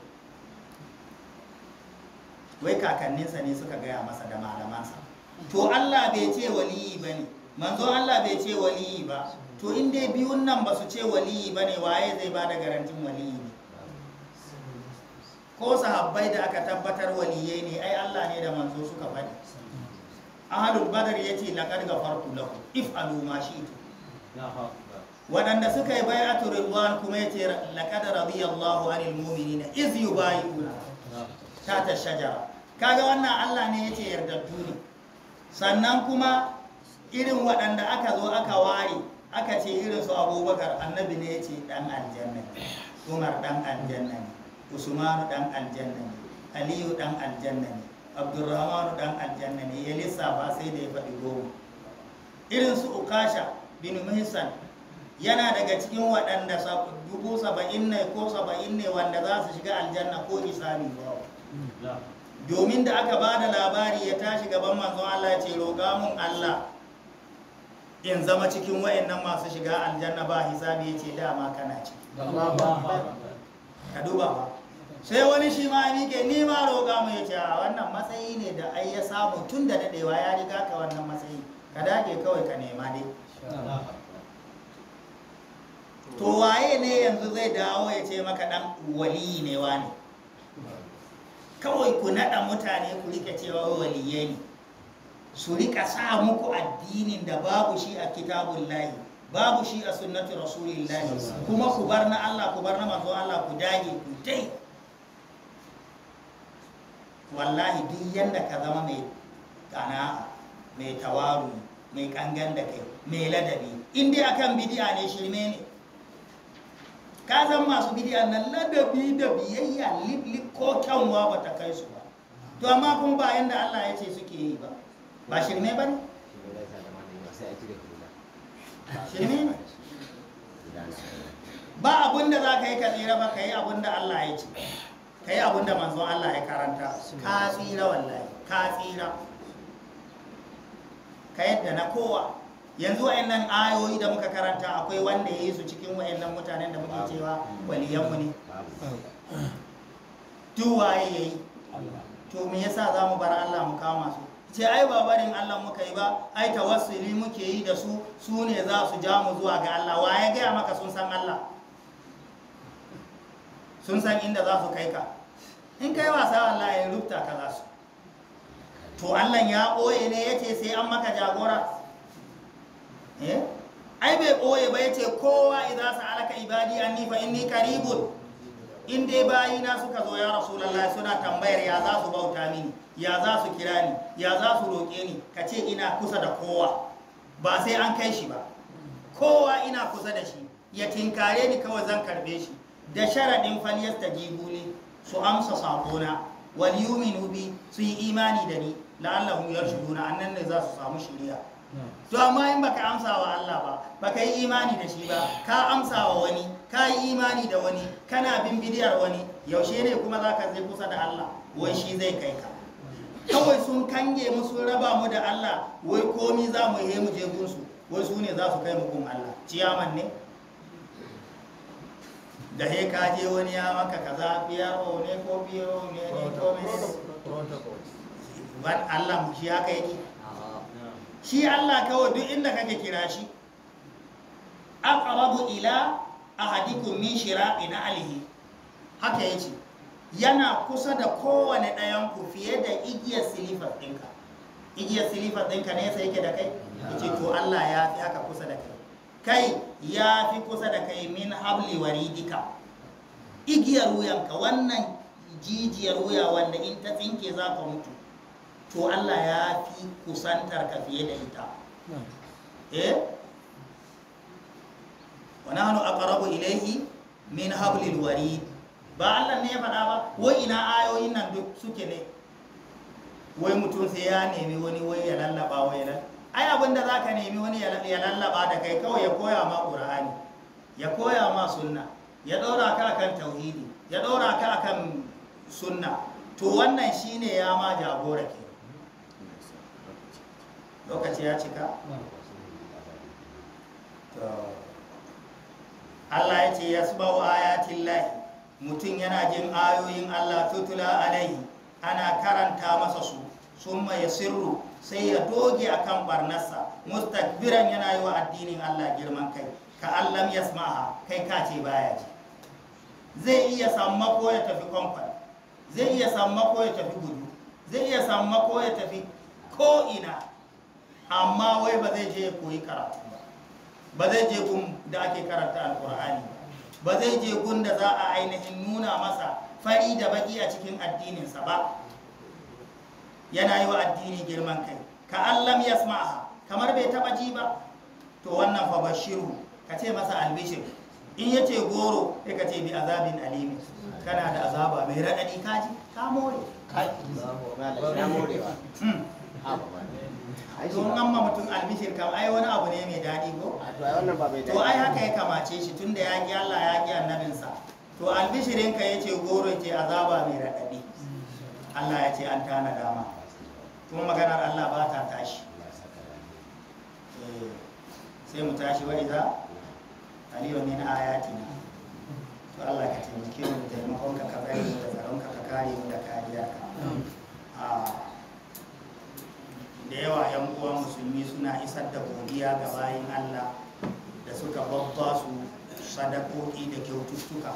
wai kakanninsa ne suka gaya masa da malamansa to Allah bai ce waliyi ba ne manzon Allah bai ce waliyi ba to in dai biyun nan ba su ce waliyi ba ne waye zai ba da garantin waliyi ne ko sahabbai da aka tabbatar waliyai ne ai Allah ne da manzo suka faɗi ahalul badar ya ce laƙar farko lahu if aluma shi waɗanda suka yi bai a turilwan kuma ya ce laƙar radiyallahu anil mumini na iz yi bayi una ta ta shajara kaga wannan allah ne ya ce yardattu ne sannan kuma irin waɗanda aka zo aka ware aka ce irin su abubakar annabi ne ya ce ɗan aljanna ne umar ɗan aljanna ne usmanu ɗan aljanna ne aliyu ɗan aljanna ne abdurrahman dan aljanna ne ya lissafa sai da ya faɗi goma irin su ukasha bin muhsan yana daga cikin waɗanda dubu saba'in ne ko saba'in ne wanda za su shiga aljanna ko isami ba domin da aka ba da labari ya tashi gaban manzon Allah ya ce roƙa mun Allah in zama cikin wayannan masu shiga aljanna ba hisabi ya ce dama kana ciki ka duba ba sai wani shi ma ni ke ni ma roƙa mu ya ce a wannan matsayi ne da ai ya samu tun da daɗewa ya riga ka wannan matsayi ka dage kawai ka nema dai to waye ne yanzu zai dawo ya ce maka dan waliyi ne wani kawai ku naɗa mutane ku rika cewa waliye ne su rika sa muku addinin da babu shi a kitabun layi babu shi a sunnatu rasulillahi kuma ku bar na Allah ku bar na manzo Allah ku dage ku dai wallahi duk yadda ka zama mai ƙana'a mai tawaru mai ƙangan da kai mai ladabi in dai akan bidiya ne shirme ne ka san masu bidiya nan ladabi da biyayya lip ko kyanwa ba ta kai su ba to amma kuma ba yadda Allah ya ce suke yi ba ba shirme ba ne shirme ne ba abinda za ka yi ka tsira ba ka yi abinda Allah ya ce ka yi da manzon Allah ya karanta ka tsira wallahi ka tsira ka yadda na kowa yanzu wa'annan ayoyi da muka karanta akwai wanda ya yi su cikin wa'annan mutanen da muke cewa waliyanmu ne duwaye ya yi to me yasa za mu bar Allah mu kama su ce ai ba barin Allah muka yi ba ai tawassuli muke yi da su su ne za su ja mu zuwa ga Allah wa ya gaya maka sun san Allah sun san inda za su kai ka in kai wasa Allah ya rubuta ka za su to Allah ya ɓoye ne ya sai an maka jagora eh ai bai ɓoye ba yace kowa idan sa alaka ibadi an nifa in ni karibun in dai bayina suka zo ya rasulallah suna tambayar ya za su bauta mini ya za su kira ni ya za su roƙe ni ka ce ina kusa da kowa ba sai an kai shi ba kowa ina kusa da shi ya tinkare ni kawai zan karbe shi da sharaɗin yasta ta ne. su amsa sakona wal yu'minu bi su yi imani da ni la'allahum yarshuduna annan ne za su samu shiriya to amma in baka amsa wa Allah ba baka yi imani da shi ba ka amsa wa wani ka yi imani da wani kana bin bidiyar wani yaushe ne kuma za ka zai kusa da Allah wai shi zai kai ka kawai sun kange mu sun raba mu da Allah wai komi za mu yi mu je gunsu wai su ne za su kai mu gun Allah ciyaman ne da he ka je wani ya maka biya PRO ne ko PRO ne ne ko ban Allah mu shi haka yake shi Allah kawai duk inda kake kira shi aqrabu ila ahadikum min shiraqi na alihi haka yace yana kusa da kowane ɗayan ku fiye da igiyar silifar ɗinka igiyar silifar ɗinka ne sai yake da kai yace to Allah ya fi haka kusa da kai kai ya fi kusa da kai min habli dika. igiyar wuyanka wannan jijiyar wuya wanda in ta tsinke za ka mutu to Allah ya fi kusantar ka fiye da ita eh wa nahnu aqrabu ilayhi min hablil warid ba Allah ne ya faɗa ba wai ina ayoyin nan duk suke ne wai mutum sai ya nemi wani wai ya lallaba wai ai abin da za ka nemi wani ya lallaba da kai kawai ya koya ma ƙura'ani ya koya ma sunna ya ɗora ka akan tauhidi ya ɗora ka akan sunna to wannan shine ya ma jagora ke lokaci ya cika Allah ya ce ya subau ayatin lahi mutum yana jin ayoyin Allah tutula alaihi ana karanta masa su sun ya sirru sai ya doge kan barnarsa mustakbiran yana yi wa addinin Allah girman kai ka allam yasma'a kai ka ce baya ji zai iya sammako ya tafi kwamfan zai iya sammako ya tafi gudu zai iya sammako ya tafi ko'ina amma wai ba zai je koyi karatu ba ba zai je gun da ake karanta alkur'ani ba ba zai je gun da za a ainihin nuna masa fari da baki a cikin addininsa ba yana yi wa addini girman kai ka allam yasma'a kamar bai taba ji ba to wannan fa bashiru ka ce masa albishir in yace goro sai ka ce bi azabin alimi kana da azaba mai radadi ka ji ka more kai ka more don an ma mutum albishir kam ai wani abu ne mai daɗi ko to ai haka ya kamace shi tunda ya ki Allah ya ki annabinsa to albishirin ka yace goro ce azaba mai radadi Allah ya ce an tana dama kuma maganar Allah ba ta tashi eh, sai mu tashi wa iza aliyu min ayatina to Allah ka taimake mu da taimakon ka kare mu da tsaron ka ka kare mu da kariya ka ah, da yawa yan uwa musulmi suna isar da godiya ga bayin Allah da suka babba su sadakoki da kyaututtuka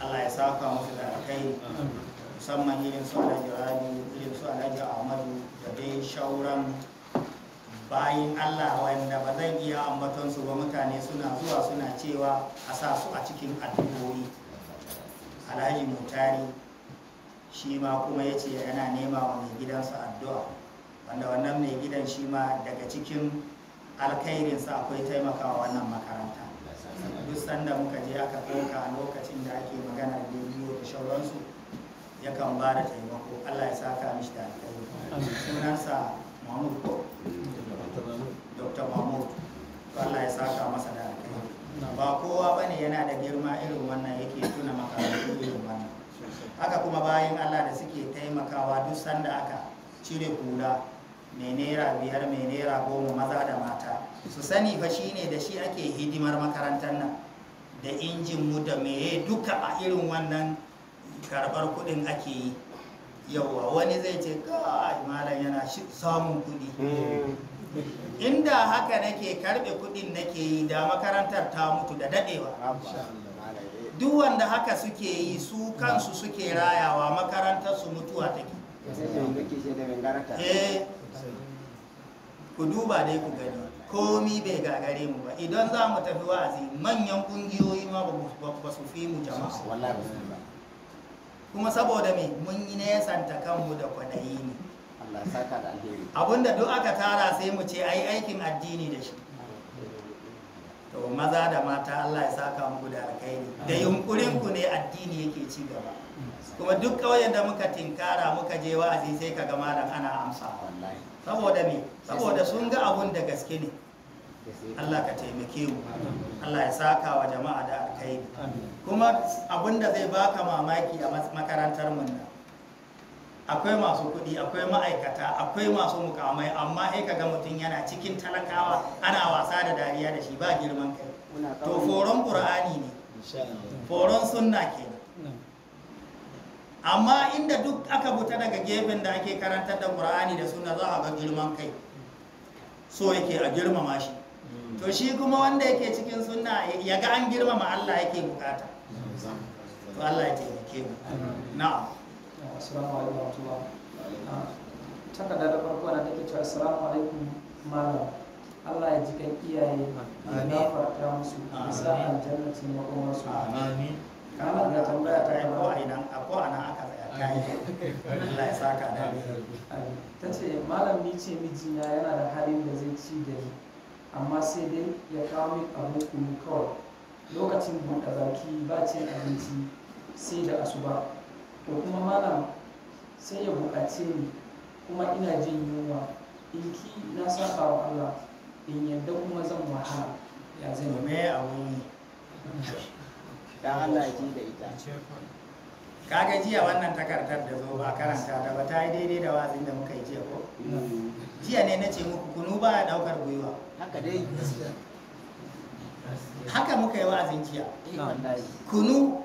Allah ya saka musu da alkhairi musamman irin su alhaji rabi irin su alhaji ahmadu da dai shauran bayan allah wanda ba zan iya ambatonsu ba mutane suna zuwa suna cewa a sa su a cikin addu'o'i alhaji mutari shi ma kuma ya ce yana nema wa mai gidansa addu'a wanda wannan mai gidan shi ma daga cikin alkhairinsa akwai taimakawa wannan makaranta duk sanda muka je aka ɗauka lokacin da ake maganar bidiyo da shauransu yakan ba da taimako Allah ya saka mishi da sunan sunansa Muhammad ko Dr. Mahmud to Allah ya saka masa da ba kowa bane yana da girma irin wannan yake tuna makarantu irin wannan haka kuma bayan Allah da suke taimakawa duk sanda aka cire kula mai naira biyar mai naira goma maza da mata su sani fa shine da shi ake hidimar makarantar nan da injin mu da meye duka a irin wannan karɓar kuɗin ake yi yawa wani zai ce kai malam yana samun kuɗi hmm. inda haka nake karɓe kuɗin nake yi da makarantar ta mutu da daɗewa duk wanda haka suke yi su kansu suke rayawa makarantar su mutuwa take eh ku duba dai ku gani komi bai gagare mu ba idan za mu tafi wa'azi manyan kungiyoyi ma ba su fi mu jama'a kuma saboda me mun yi nesanta kanmu da kwaɗayi ne abinda duk aka tara sai mu ce ai aikin addini da shi to maza da mata Allah ya saka muku da alkhairi da yunkurin ku ne addini yake ci gaba kuma duk ƙauyen da muka tinkara muka je wa'azi sai ka ga malam ana amsa saboda me saboda sun ga abun da gaske ne Allah ka taimake mu Allah ya saka wa jama'a da alkhairi kuma abinda zai baka mamaki a makarantar mu nan akwai masu kuɗi akwai ma'aikata akwai masu mukamai amma sai kaga mutum yana cikin talakawa ana wasa da dariya da shi ba girman kai to foron qur'ani ne foron sunna ke amma inda duk aka buta daga gefen da ake karantar da qur'ani da sunna za a ga girman kai so yake a girmama shi to shi kuma wanda yake cikin sunna ya ga an girmama Allah yake bukata to Allah ya taimake mu na'am assalamu alaikum warahmatullah ah, taka da farko na take cewa assalamu alaikum malam Allah ya ji kai iyaye ya gafarta musu isa kuma su amin kana da tambaya ta ko a idan ko ana aka tsaya kai Allah ya saka da ta ce malam ni ce na yana da halin da zai ci da ni amma sai dai ya kawo min abin kunu kawai lokacin buɗe baki ba cin abinci sai da asuba to kuma malam sai ya buƙace ni kuma ina jin yunwa in ki na saba wa Allah in yadda kuma zan wahala ya zai me abun dan Allah ji da ita kaga jiya wannan takardar da zo ba karanta da ba ta yi daidai da wazin da muka yi jiya ko mm. jiya ne na ce muku kunu ba a daukar gwiwa haka dai haka muka yi wazin jiya eh, kunu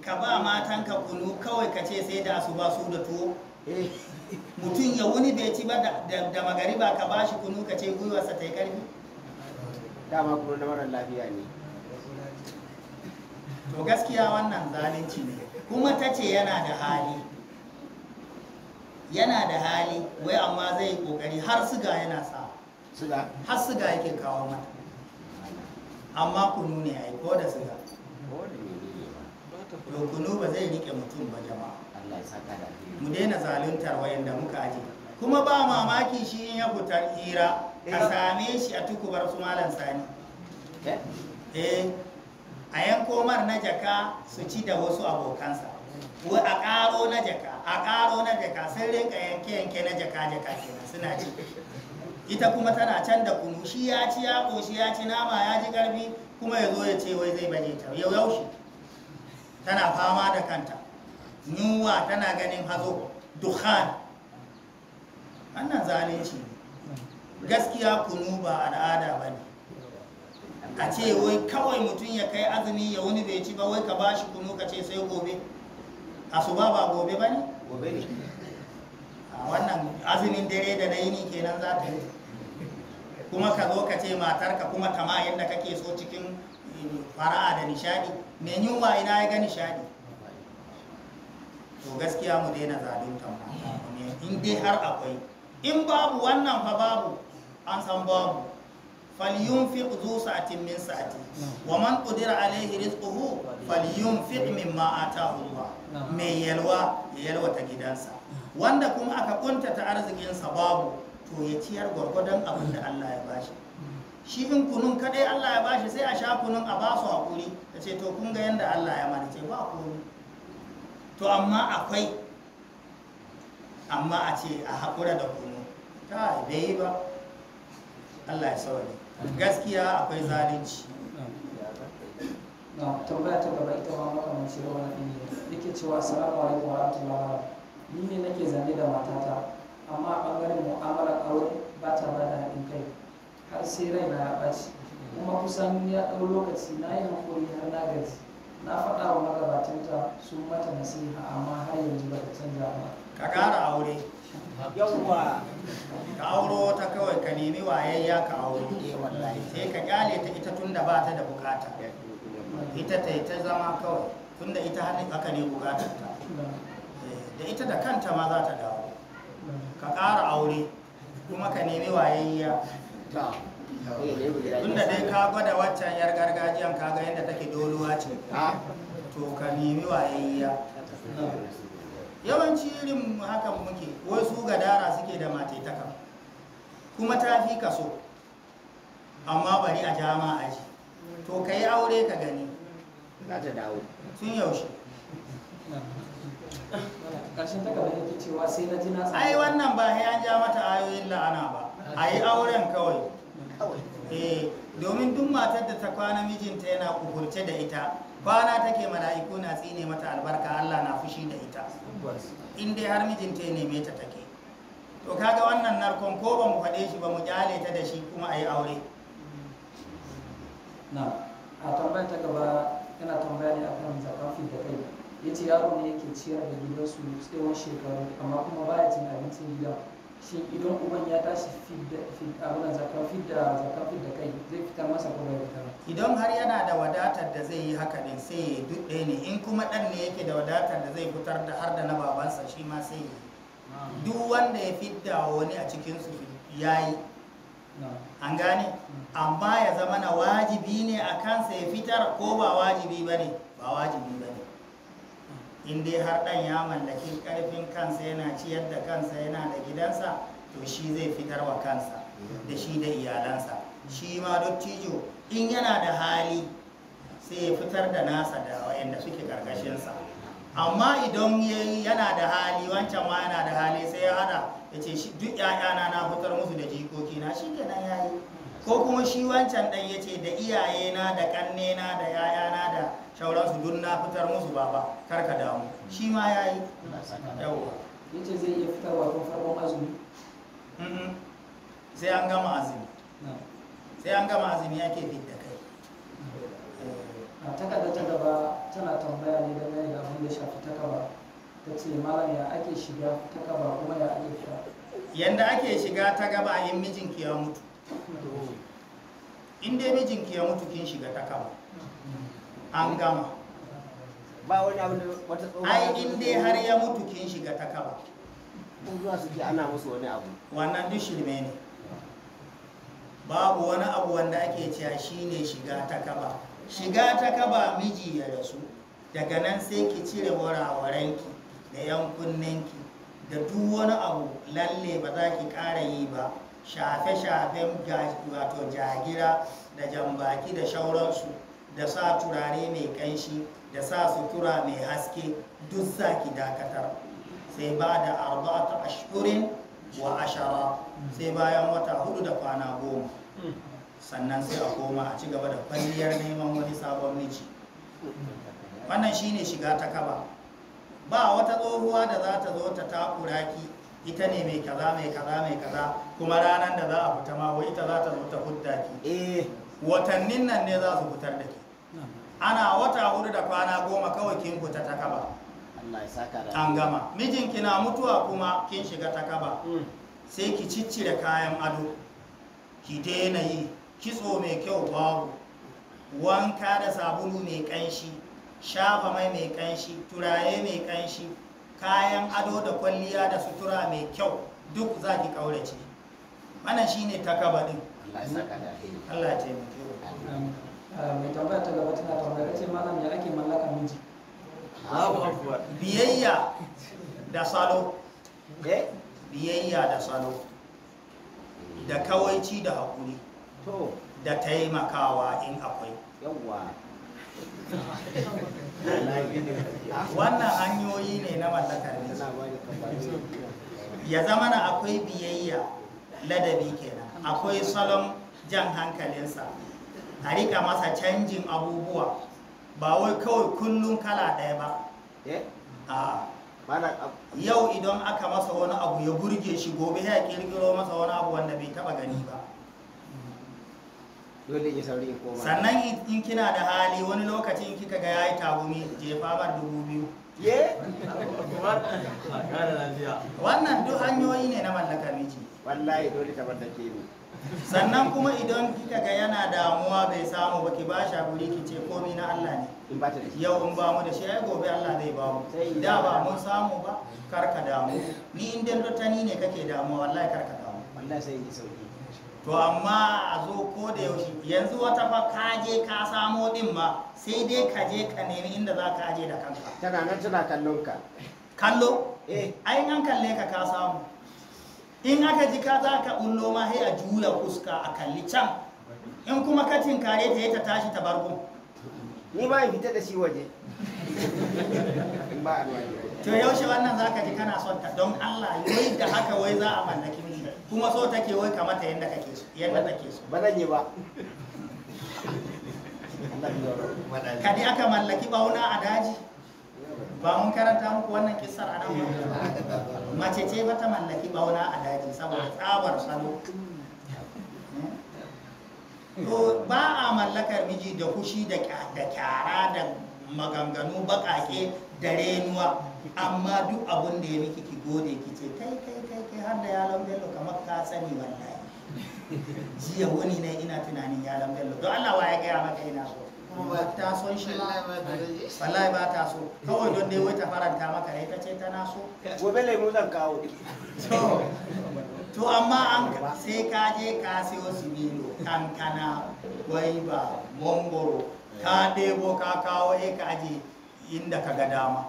ka ba matanka kunu kawai ka ce sai da su ba su da tuwo eh. mutum ya wuni bai ci ba da magariba ka ba shi kunu ka ce gwiwarsa ta yi karfi dama kunu na marar lafiya ne to gaskiya wannan zalunci ne kuma ta ce yana da hali yana da hali wai amma zai yi kokari har suga yana sa har suga yake kawo mata amma kunu ne ya yi ko da suga? to kunu ba zai rike mutum ba jama'a mu daina zaluntar da muka aje kuma ba mamaki shi in ya buta hira ka eh. same shi a tukubar su malam sani eh, eh. a yanko mar na jaka su ci da wasu abokansa wai a ƙaro na jaka a ƙaro na jaka sun rinka yanke-yanke na jaka-jaka kenan suna ci ita kuma tana can da kunu shi ya ci ya ƙoshi ya ci nama ya ji ƙarfi kuma ya zo ya ce wai zai baje ta yau yaushe tana fama da kanta Nuwa tana ganin hazo dukhan wannan zalunci gaskiya kunu ba al'ada bane a ce wai kawai mutum ya kai azumi ya wani bai ci ba wai ka bashi kunu ka ce sai gobe asuba ba gobe ba ne gobe ne a wannan azumin dare da na yi ne kenan za ta yi kuma ka zo ka ce matarka kuma kama yadda kake so cikin eh, fara'a da nishadi mai yunwa ina ya ga nishadi to gaskiya mu daina zalunta in dai har akwai in babu wannan fa babu an san babu فلينفق ذو سعة من سعته ومن قدر عليه رزقه فلينفق مما آتاه الله mai yalwa ya yalwata gidansa wanda kuma aka ta arzikinsa babu to ya ciyar gwargwadon abin da Allah ya bashi mm. shi in kunun kadai Allah ya bashi sai a sha kunun a basu hakuri ta ce to kun ga yanda Allah ya mana ce ba kunu, to amma akwai amma a ce a haƙura da kunu ta bai ba Allah ya saurari gaskiya akwai zalunci na tambaya ta gaba ita ma makamanci da wani ɗin yake cewa salamu alaikum wa rahmatullahi ni ne nake zane da matata amma a ɓangaren mu'amalar aure ba ta ba da haɗin kai har sai rai na ya ɓaci kuma kusan ya ɗau lokaci na yi hankuri har na gaji na faɗa wa magabatanta sun mata nasiha amma har yanzu ba ta canza ba ka ƙara aure yawwa ka auro ta kawai ka nemi wayayya ka auro eh, sai ka kyale ta ita tunda ba ta da bukata ita ta ta zama kawai tunda ita hannun aka ne bukata ta eh, da ita da kanta ma za ta dawo ka ƙara aure kuma ka nemi wayayya tunda dai ka gwada waccan yar gargajiyan kaga yadda take doluwa ce to ka nemi wayayya yawanci irin hakan muke wai su gadara suke da matetaka kuma ta fi kaso amma bari a jama aji to ka yi aure ka gani sun yaushe ai wannan ba ya ja mata ayoyin la'ana ba a yi auren kawai eh, domin duk matar da ta kwana mijinta yana kukurce da ita kwana take mala'iku na tsine mata albarka Allah na fushi da ita in dai har mijinta ya neme ta take to kaga wannan narkon ko ba mu faɗe shi ba mu kyale ta da shi kuma ayi aure na a tambaya ta gaba yana tambaya ne a akan zakafi da kai yace yaro ne yake ciyar da gidansu tsawon shekaru amma kuma baya cin abincin gida. shi idan uban ya tashi abin zakar fidda zakar fidda kai zai fitar masa ko bai fitar idan har yana da wadatar da zai yi haka din sai ya duk ɗaya ne in kuma ɗan ne yake da wadatar da zai fitar da har da na babansa shi ma sai ya duk wanda ya fidda wani a cikin su yi an gane hmm. amma ya zama na wajibi ne a kansa ya fitar ko ba wajibi ba ne ba wajibi ba ne in dai har ɗan ya mallaki ƙarfin kansa yana ciyar da kansa yana da gidansa to shi zai fitar wa kansa da shi da iyalansa shi ma dottijo in yana da hali sai ya fitar da nasa da wayanda suke ƙarƙashinsa. amma idan yana da hali wancan ma yana da hali sai ya hada ya ce duk 'ya'yana na fitar musu da jikokina shi kenan ya yi ko kuma shi wancan ɗan ya ce da iyayena da ƙannena da na da shauransu duk na fitar musu baba kar ka damu shi ma ya yi yace zai iya fitarwa ko farkon azumi sai an gama azumi sai an gama azumi yake da kai eh, a takarda ta gaba tana tambaya ne da mai da abin da shafi takaba ta ce malam ya ake shiga takaba kuma ya ake shiga yanda ake shiga ta gaba yin mijinki ya mutu Inda ya mijinki ya mutu kin shiga ta kama an gama ba wani abu da wata tsohon ai inda har ya mutu kin shiga ta kama kun zuwa su ji ana musu wani abu wannan duk shirme ne babu wani abu wanda ake cewa shine shiga ta kaba shiga ta kaba miji ya rasu daga nan sai ki cire warawarenki da yan kunninki da duk wani abu lalle ba za ki ƙara yi ba shafe-shafen wato jagira da jambaki da shauransu da sa turare mai kanshi da sa sutura mai haske duk za ki dakatar sai ba da arba ta ashirin wa ashara sai bayan wata hudu da kwana goma sannan sai a koma a ci gaba da kwalliyar neman wani sabon miji wannan shine shiga ta kaba ba wata tsohuwa da za ta zo ta takura ita ne mai kaza mai kaza mai kaza kuma ranar da za a fita ma wai ita za ta zo ta hudda ki eh. watannin nan ne za su fitar da ki ana wata hudu da kwana goma kawai kin fita ta kaba an gama mijinki na mutuwa kuma kin shiga ta kaba mm. sai ki ciccire kayan ado ki daina yi kitso mai kyau babu wanka da sabulu mai kanshi shafa mai mai kanshi turaye mai kanshi kayan ado da kwalliya da sutura mai kyau duk za ki kaurace wannan shine takaba din Allah ya taimake ah, mai tambaya ta ya ake mallaka eh? biyayya da salo da salo kawaici da hakuri da taimakawa in akwai wannan hanyoyi ne na mallakar ya zama na akwai biyayya ladabi kenan akwai salon jan hankalinsa a rika masa canjin abubuwa ba wai kawai kullum kala ɗaya ba eh? yau idan aka masa wani abu ya burge shi gobe ya kirkiro masa wani abu wanda bai taba gani ba dole ya sauri ya koma sannan in kina da hali wani lokacin kika ga yayi tagumi jefa bar dubu biyu ye wannan duk hanyoyi ne na mallaka miji wallahi dole ta da ke sannan kuma idan kika ga yana damuwa bai samu ba ki bashi guri ki ce komi na Allah ne yau in ba mu da shi ai gobe Allah zai ba mu da ba mun samu ba karka damu ni in dan ne kake damuwa wallahi karka damu wallahi sai ki sauki to amma a zo ko da yaushe yanzu wata fa ka je ka samo din ma sai dai ka je ka nemi inda za ka je da kanka tana nan tana kallon ka kallo eh ai an kalle ka ka samu in aka ji ka za ka ullo ma sai a jula fuska a kalli can in kuma ka tinkare ta ta tashi ta bargo ni ba in fita da shi waje to yaushe wannan za ka ji kana son ta don Allah yau da haka wai za a mallaki miji kuma so take wai kamata yadda kake so yadda take so ba zan yi ba kadi aka mallaki bauna a daji ba mun karanta muku wannan kissar a nan mace ce ba ta mallaki bauna a daji saboda tsabar salo eh? to ba a mallakar miji da kushi da kyara da maganganu baƙaƙe da renuwa amma duk abin da ya miki ki gode ki ce kai kai ciki har da yaron bello kamar ka sani wallahi jiya wani ne ina tunanin yaron bello don Allah wa ya gaya maka ina so kuma ba ta son shi wallahi ba ta so kawai don dai wai ta faranta maka ne ta ce ta na so gobe lemu zan kawo to amma an sai ka je ka siyo similo kankana gwaiba mongoro ka ɗebo ka kawo e ka je inda ka ga dama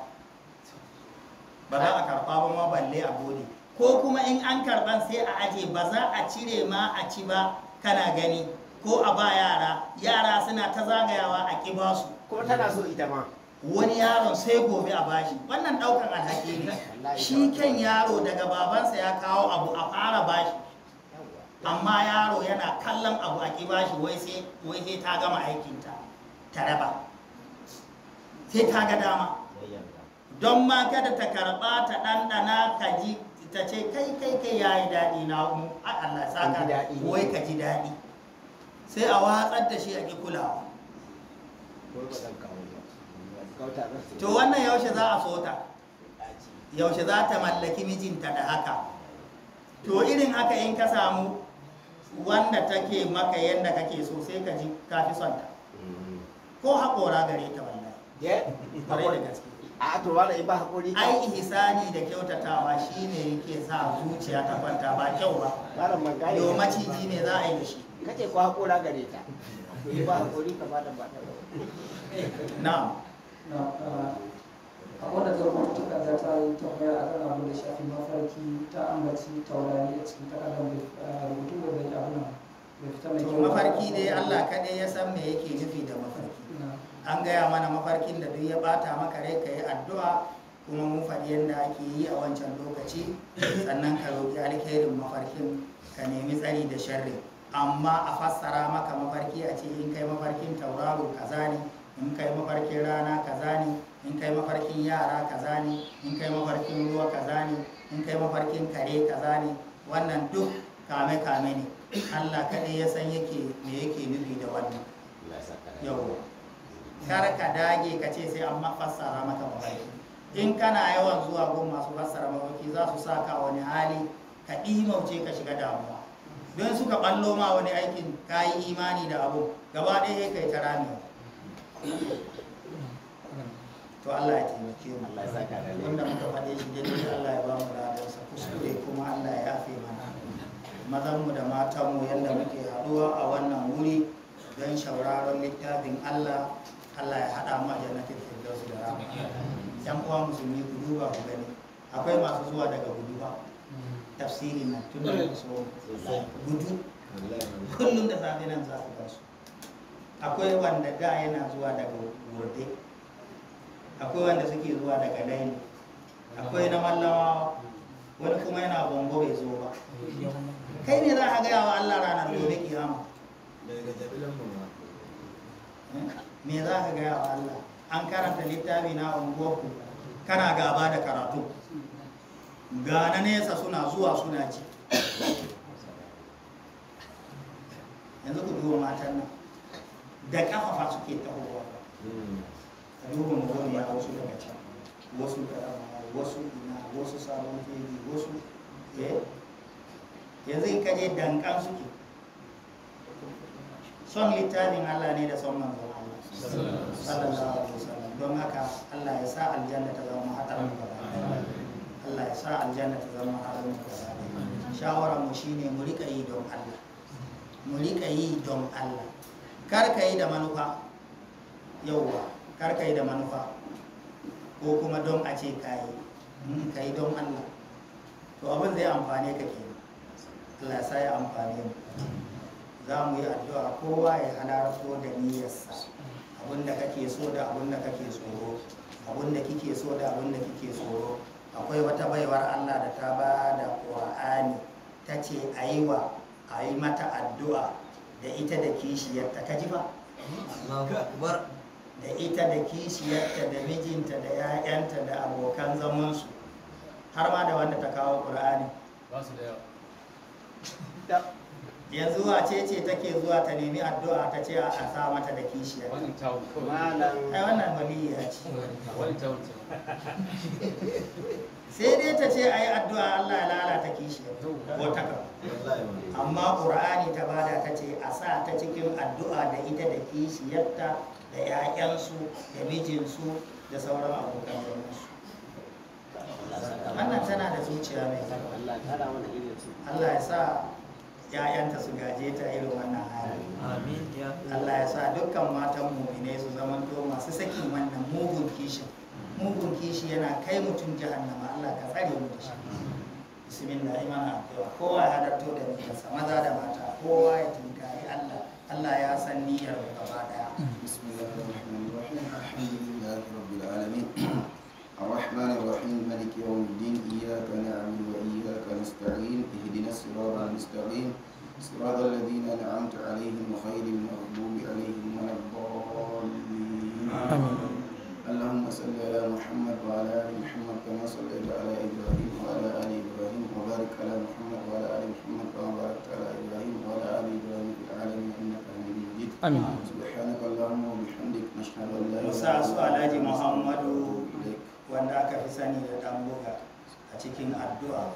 ba za a karɓa ba ma balle a gode ko kuma in an karban sai a aje ba za a cire ma a ci ba kana gani ko a ba yara yara suna ta zagayawa a ƙi ba su ko tana so ita ma wani yaron sai gobe a bashi wannan ɗaukar alhaki ne shi kan yaro daga babansa ya kawo abu a fara bashi amma yaro yana kallon abu a ƙi bashi wai sai wai sai ta gama aikinta ta raba sai ta ga dama don ma kada ta karɓa ta ɗanɗana ka ji ta ce kai kai kai ya yi daɗi na mu a Allah saka wai ka ji daɗi sai a watsar da shi a ki kulawa to wannan yaushe za a sota yaushe za ta mallaki mijinta da haka to irin haka in ka samu wanda take maka yadda kake so sai ka ji kafi son ta mm. ko haƙora gare ta wallahi ƙwarai da gaske a to wala ba hakuri ai ihsani da kyautatawa shine yake sa zuciya ta kwanta ba kyau ba malam man gane yo maciji ne za a yi shi kace ko hakura gare ta ba hakuri ka ba dan ba ta na na a wanda zarfin za ta yi tambaya a kan abu da shafi mafarki ta ambaci taurari a cikin takardar rubutu da bai abu nan mafarki dai Allah kaɗai ya san me yake nufi da mafarki an gaya mana mafarkin da duk ya bata maka rai ka yi addu'a kuma mu faɗi yadda ake yi a wancan lokaci sannan ka roƙi alkhairin mafarkin ka nemi tsari da sharri amma a fassara maka mafarki a ce in kai mafarkin tauraro kaza ne in kai mafarkin rana kaza ne in kai mafarkin yara kaza ne in kai mafarkin ruwa kaza ne in kai mafarkin kare kaza ne wannan duk kame kame ne Allah kaɗai ya san yake me yake nufi da wannan yawwa kar ka dage ka ce sai an fassara maka mafarki in kana yawan zuwa gun masu fassara mafarki za su saka wani hali ka ɗimauce ka shiga damuwa don suka ɓallo ma wani aikin ka yi imani da abu gaba ɗaya kai ta rami to Allah ya taimake mu Allah ya saka da lai wanda muka faɗe shi dai Allah ya ba mu ladansa kuskure kuma Allah ya yafe mana mazan mu da matan mu yanda muke haɗuwa a wannan wuri don shauraron littafin Allah Allah ya haɗa mu a jannatin firdaus da rahama yan uwa musulmi ku duba ku gani akwai masu zuwa daga gudu ba mm. tafsirin nan tun da so gudu kullum da safe nan za su su akwai wanda da yana zuwa daga wurde akwai wanda suke zuwa daga daini akwai na mallawa wani kuma yana bongo bai zo ba kai ne za a gaya wa Allah ranar gobe kiyama daga jabilan mu me za ka gaya wa Allah an karanta littafi na unguwarku kana gaba da karatu gana nesa suna zuwa suna ci yanzu ku duba matan nan da kafafa suke tahowa a duba mutum ya wasu daga can wasu karama wasu ina wasu sabon fili wasu eh? yanzu in kaje dankan suke son littafin Allah ne da son manzo sallallahu alaihi wasallam don haka Allah ya sa aljanna ta zama hadarin gaba Allah ya sa aljanna ta zama hadarin gaba shawara mu shine mu rika yi don Allah mu rika yi don Allah kar ka yi da manufa yauwa kar ka yi da manufa ko kuma don a ce ka mun hmm, ka yi don Allah to abin zai amfane ka ke Allah ya sa ya amfane mu za mu yi addu'a kowa ya halarto da niyyarsa abin da kake so da abin da kake tsoro abin da kike so da abin da kike tsoro akwai wata baiwar Allah da ta ba da Qur'ani ta ce a yi wa a yi mata addu'a da ita da kishiyarta ka ji ba da ita da kishiyarta da mijinta da 'ya'yanta da abokan zamansu har ma da wanda ta kawo Qur'ani ba su da yawa yanzu a ce ce take zuwa ta nemi addu'a ta ce a sa mata da kishiya ai wannan ya ce sai dai ta ce ai addu'a Allah ya lalata kishiya ko ta amma qur'ani ta bada ta ce a sa ta cikin addu'a da ita da kishiyarta da 'ya'yansu da mijinsu da sauran abokan su wannan tana da zuciya mai Allah ya sa 'ya'yanta su gaje ta irin wannan hali Allah ya sa dukkan matan muminai su zaman to masu saki wannan mugun kishin mugun kishi yana kai mutum jahannama Allah ka tsare mu da shi da imana akwai kowa ya halarto da niyyarsa maza da mata kowa ya tunkari Allah Allah ya san niyyar gaba daya bismillahir rahmanir rahim alhamdulillahi rabbil alamin الرحمن الرحيم ملك يوم الدين إياك نعبد وإياك نستعين اهدنا الصراط المستقيم صراط الذين أنعمت عليهم غير المغضوب عليهم ولا الضالين اللهم صل على محمد وعلى آل محمد كما صليت على إبراهيم وعلى آل إبراهيم وبارك على محمد وعلى آل محمد كما باركت على إبراهيم وعلى آل إبراهيم في العالمين إنك حميد مجيد آمين سبحانك اللهم وبحمدك نشهد أن لا إله إلا أنت محمد wanda aka fi sani da dan buga a cikin addu'a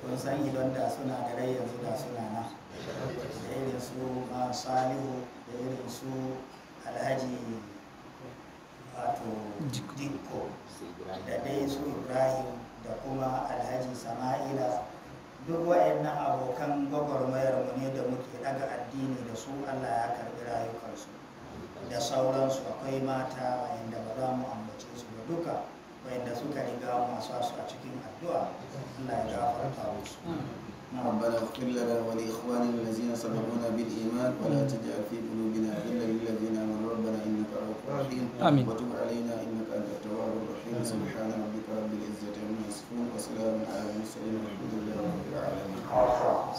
kun san idan suna da rai yanzu da suna na da irin su ma ah, salihu da irin su alhaji wato dikko da dai su ibrahim da kuma alhaji sama'ila duk wa'annan abokan gwagwarmayarmu mu ne da muke daga addini da su allah ya karbi rayukansu da sauransu akwai mata inda ba za mu ambace su ba duka wanda suka riga masu su a cikin addu'a Allah ya gafarta musu ربنا اغفر لنا ولاخواننا الذين سبقونا بالايمان ولا تجعل في قلوبنا غلا للذين امنوا ربنا انك رؤوف رحيم وتب علينا انك انت التواب الرحيم سبحان ربك رب العزه عما يصفون وسلام على المرسلين والحمد لله رب العالمين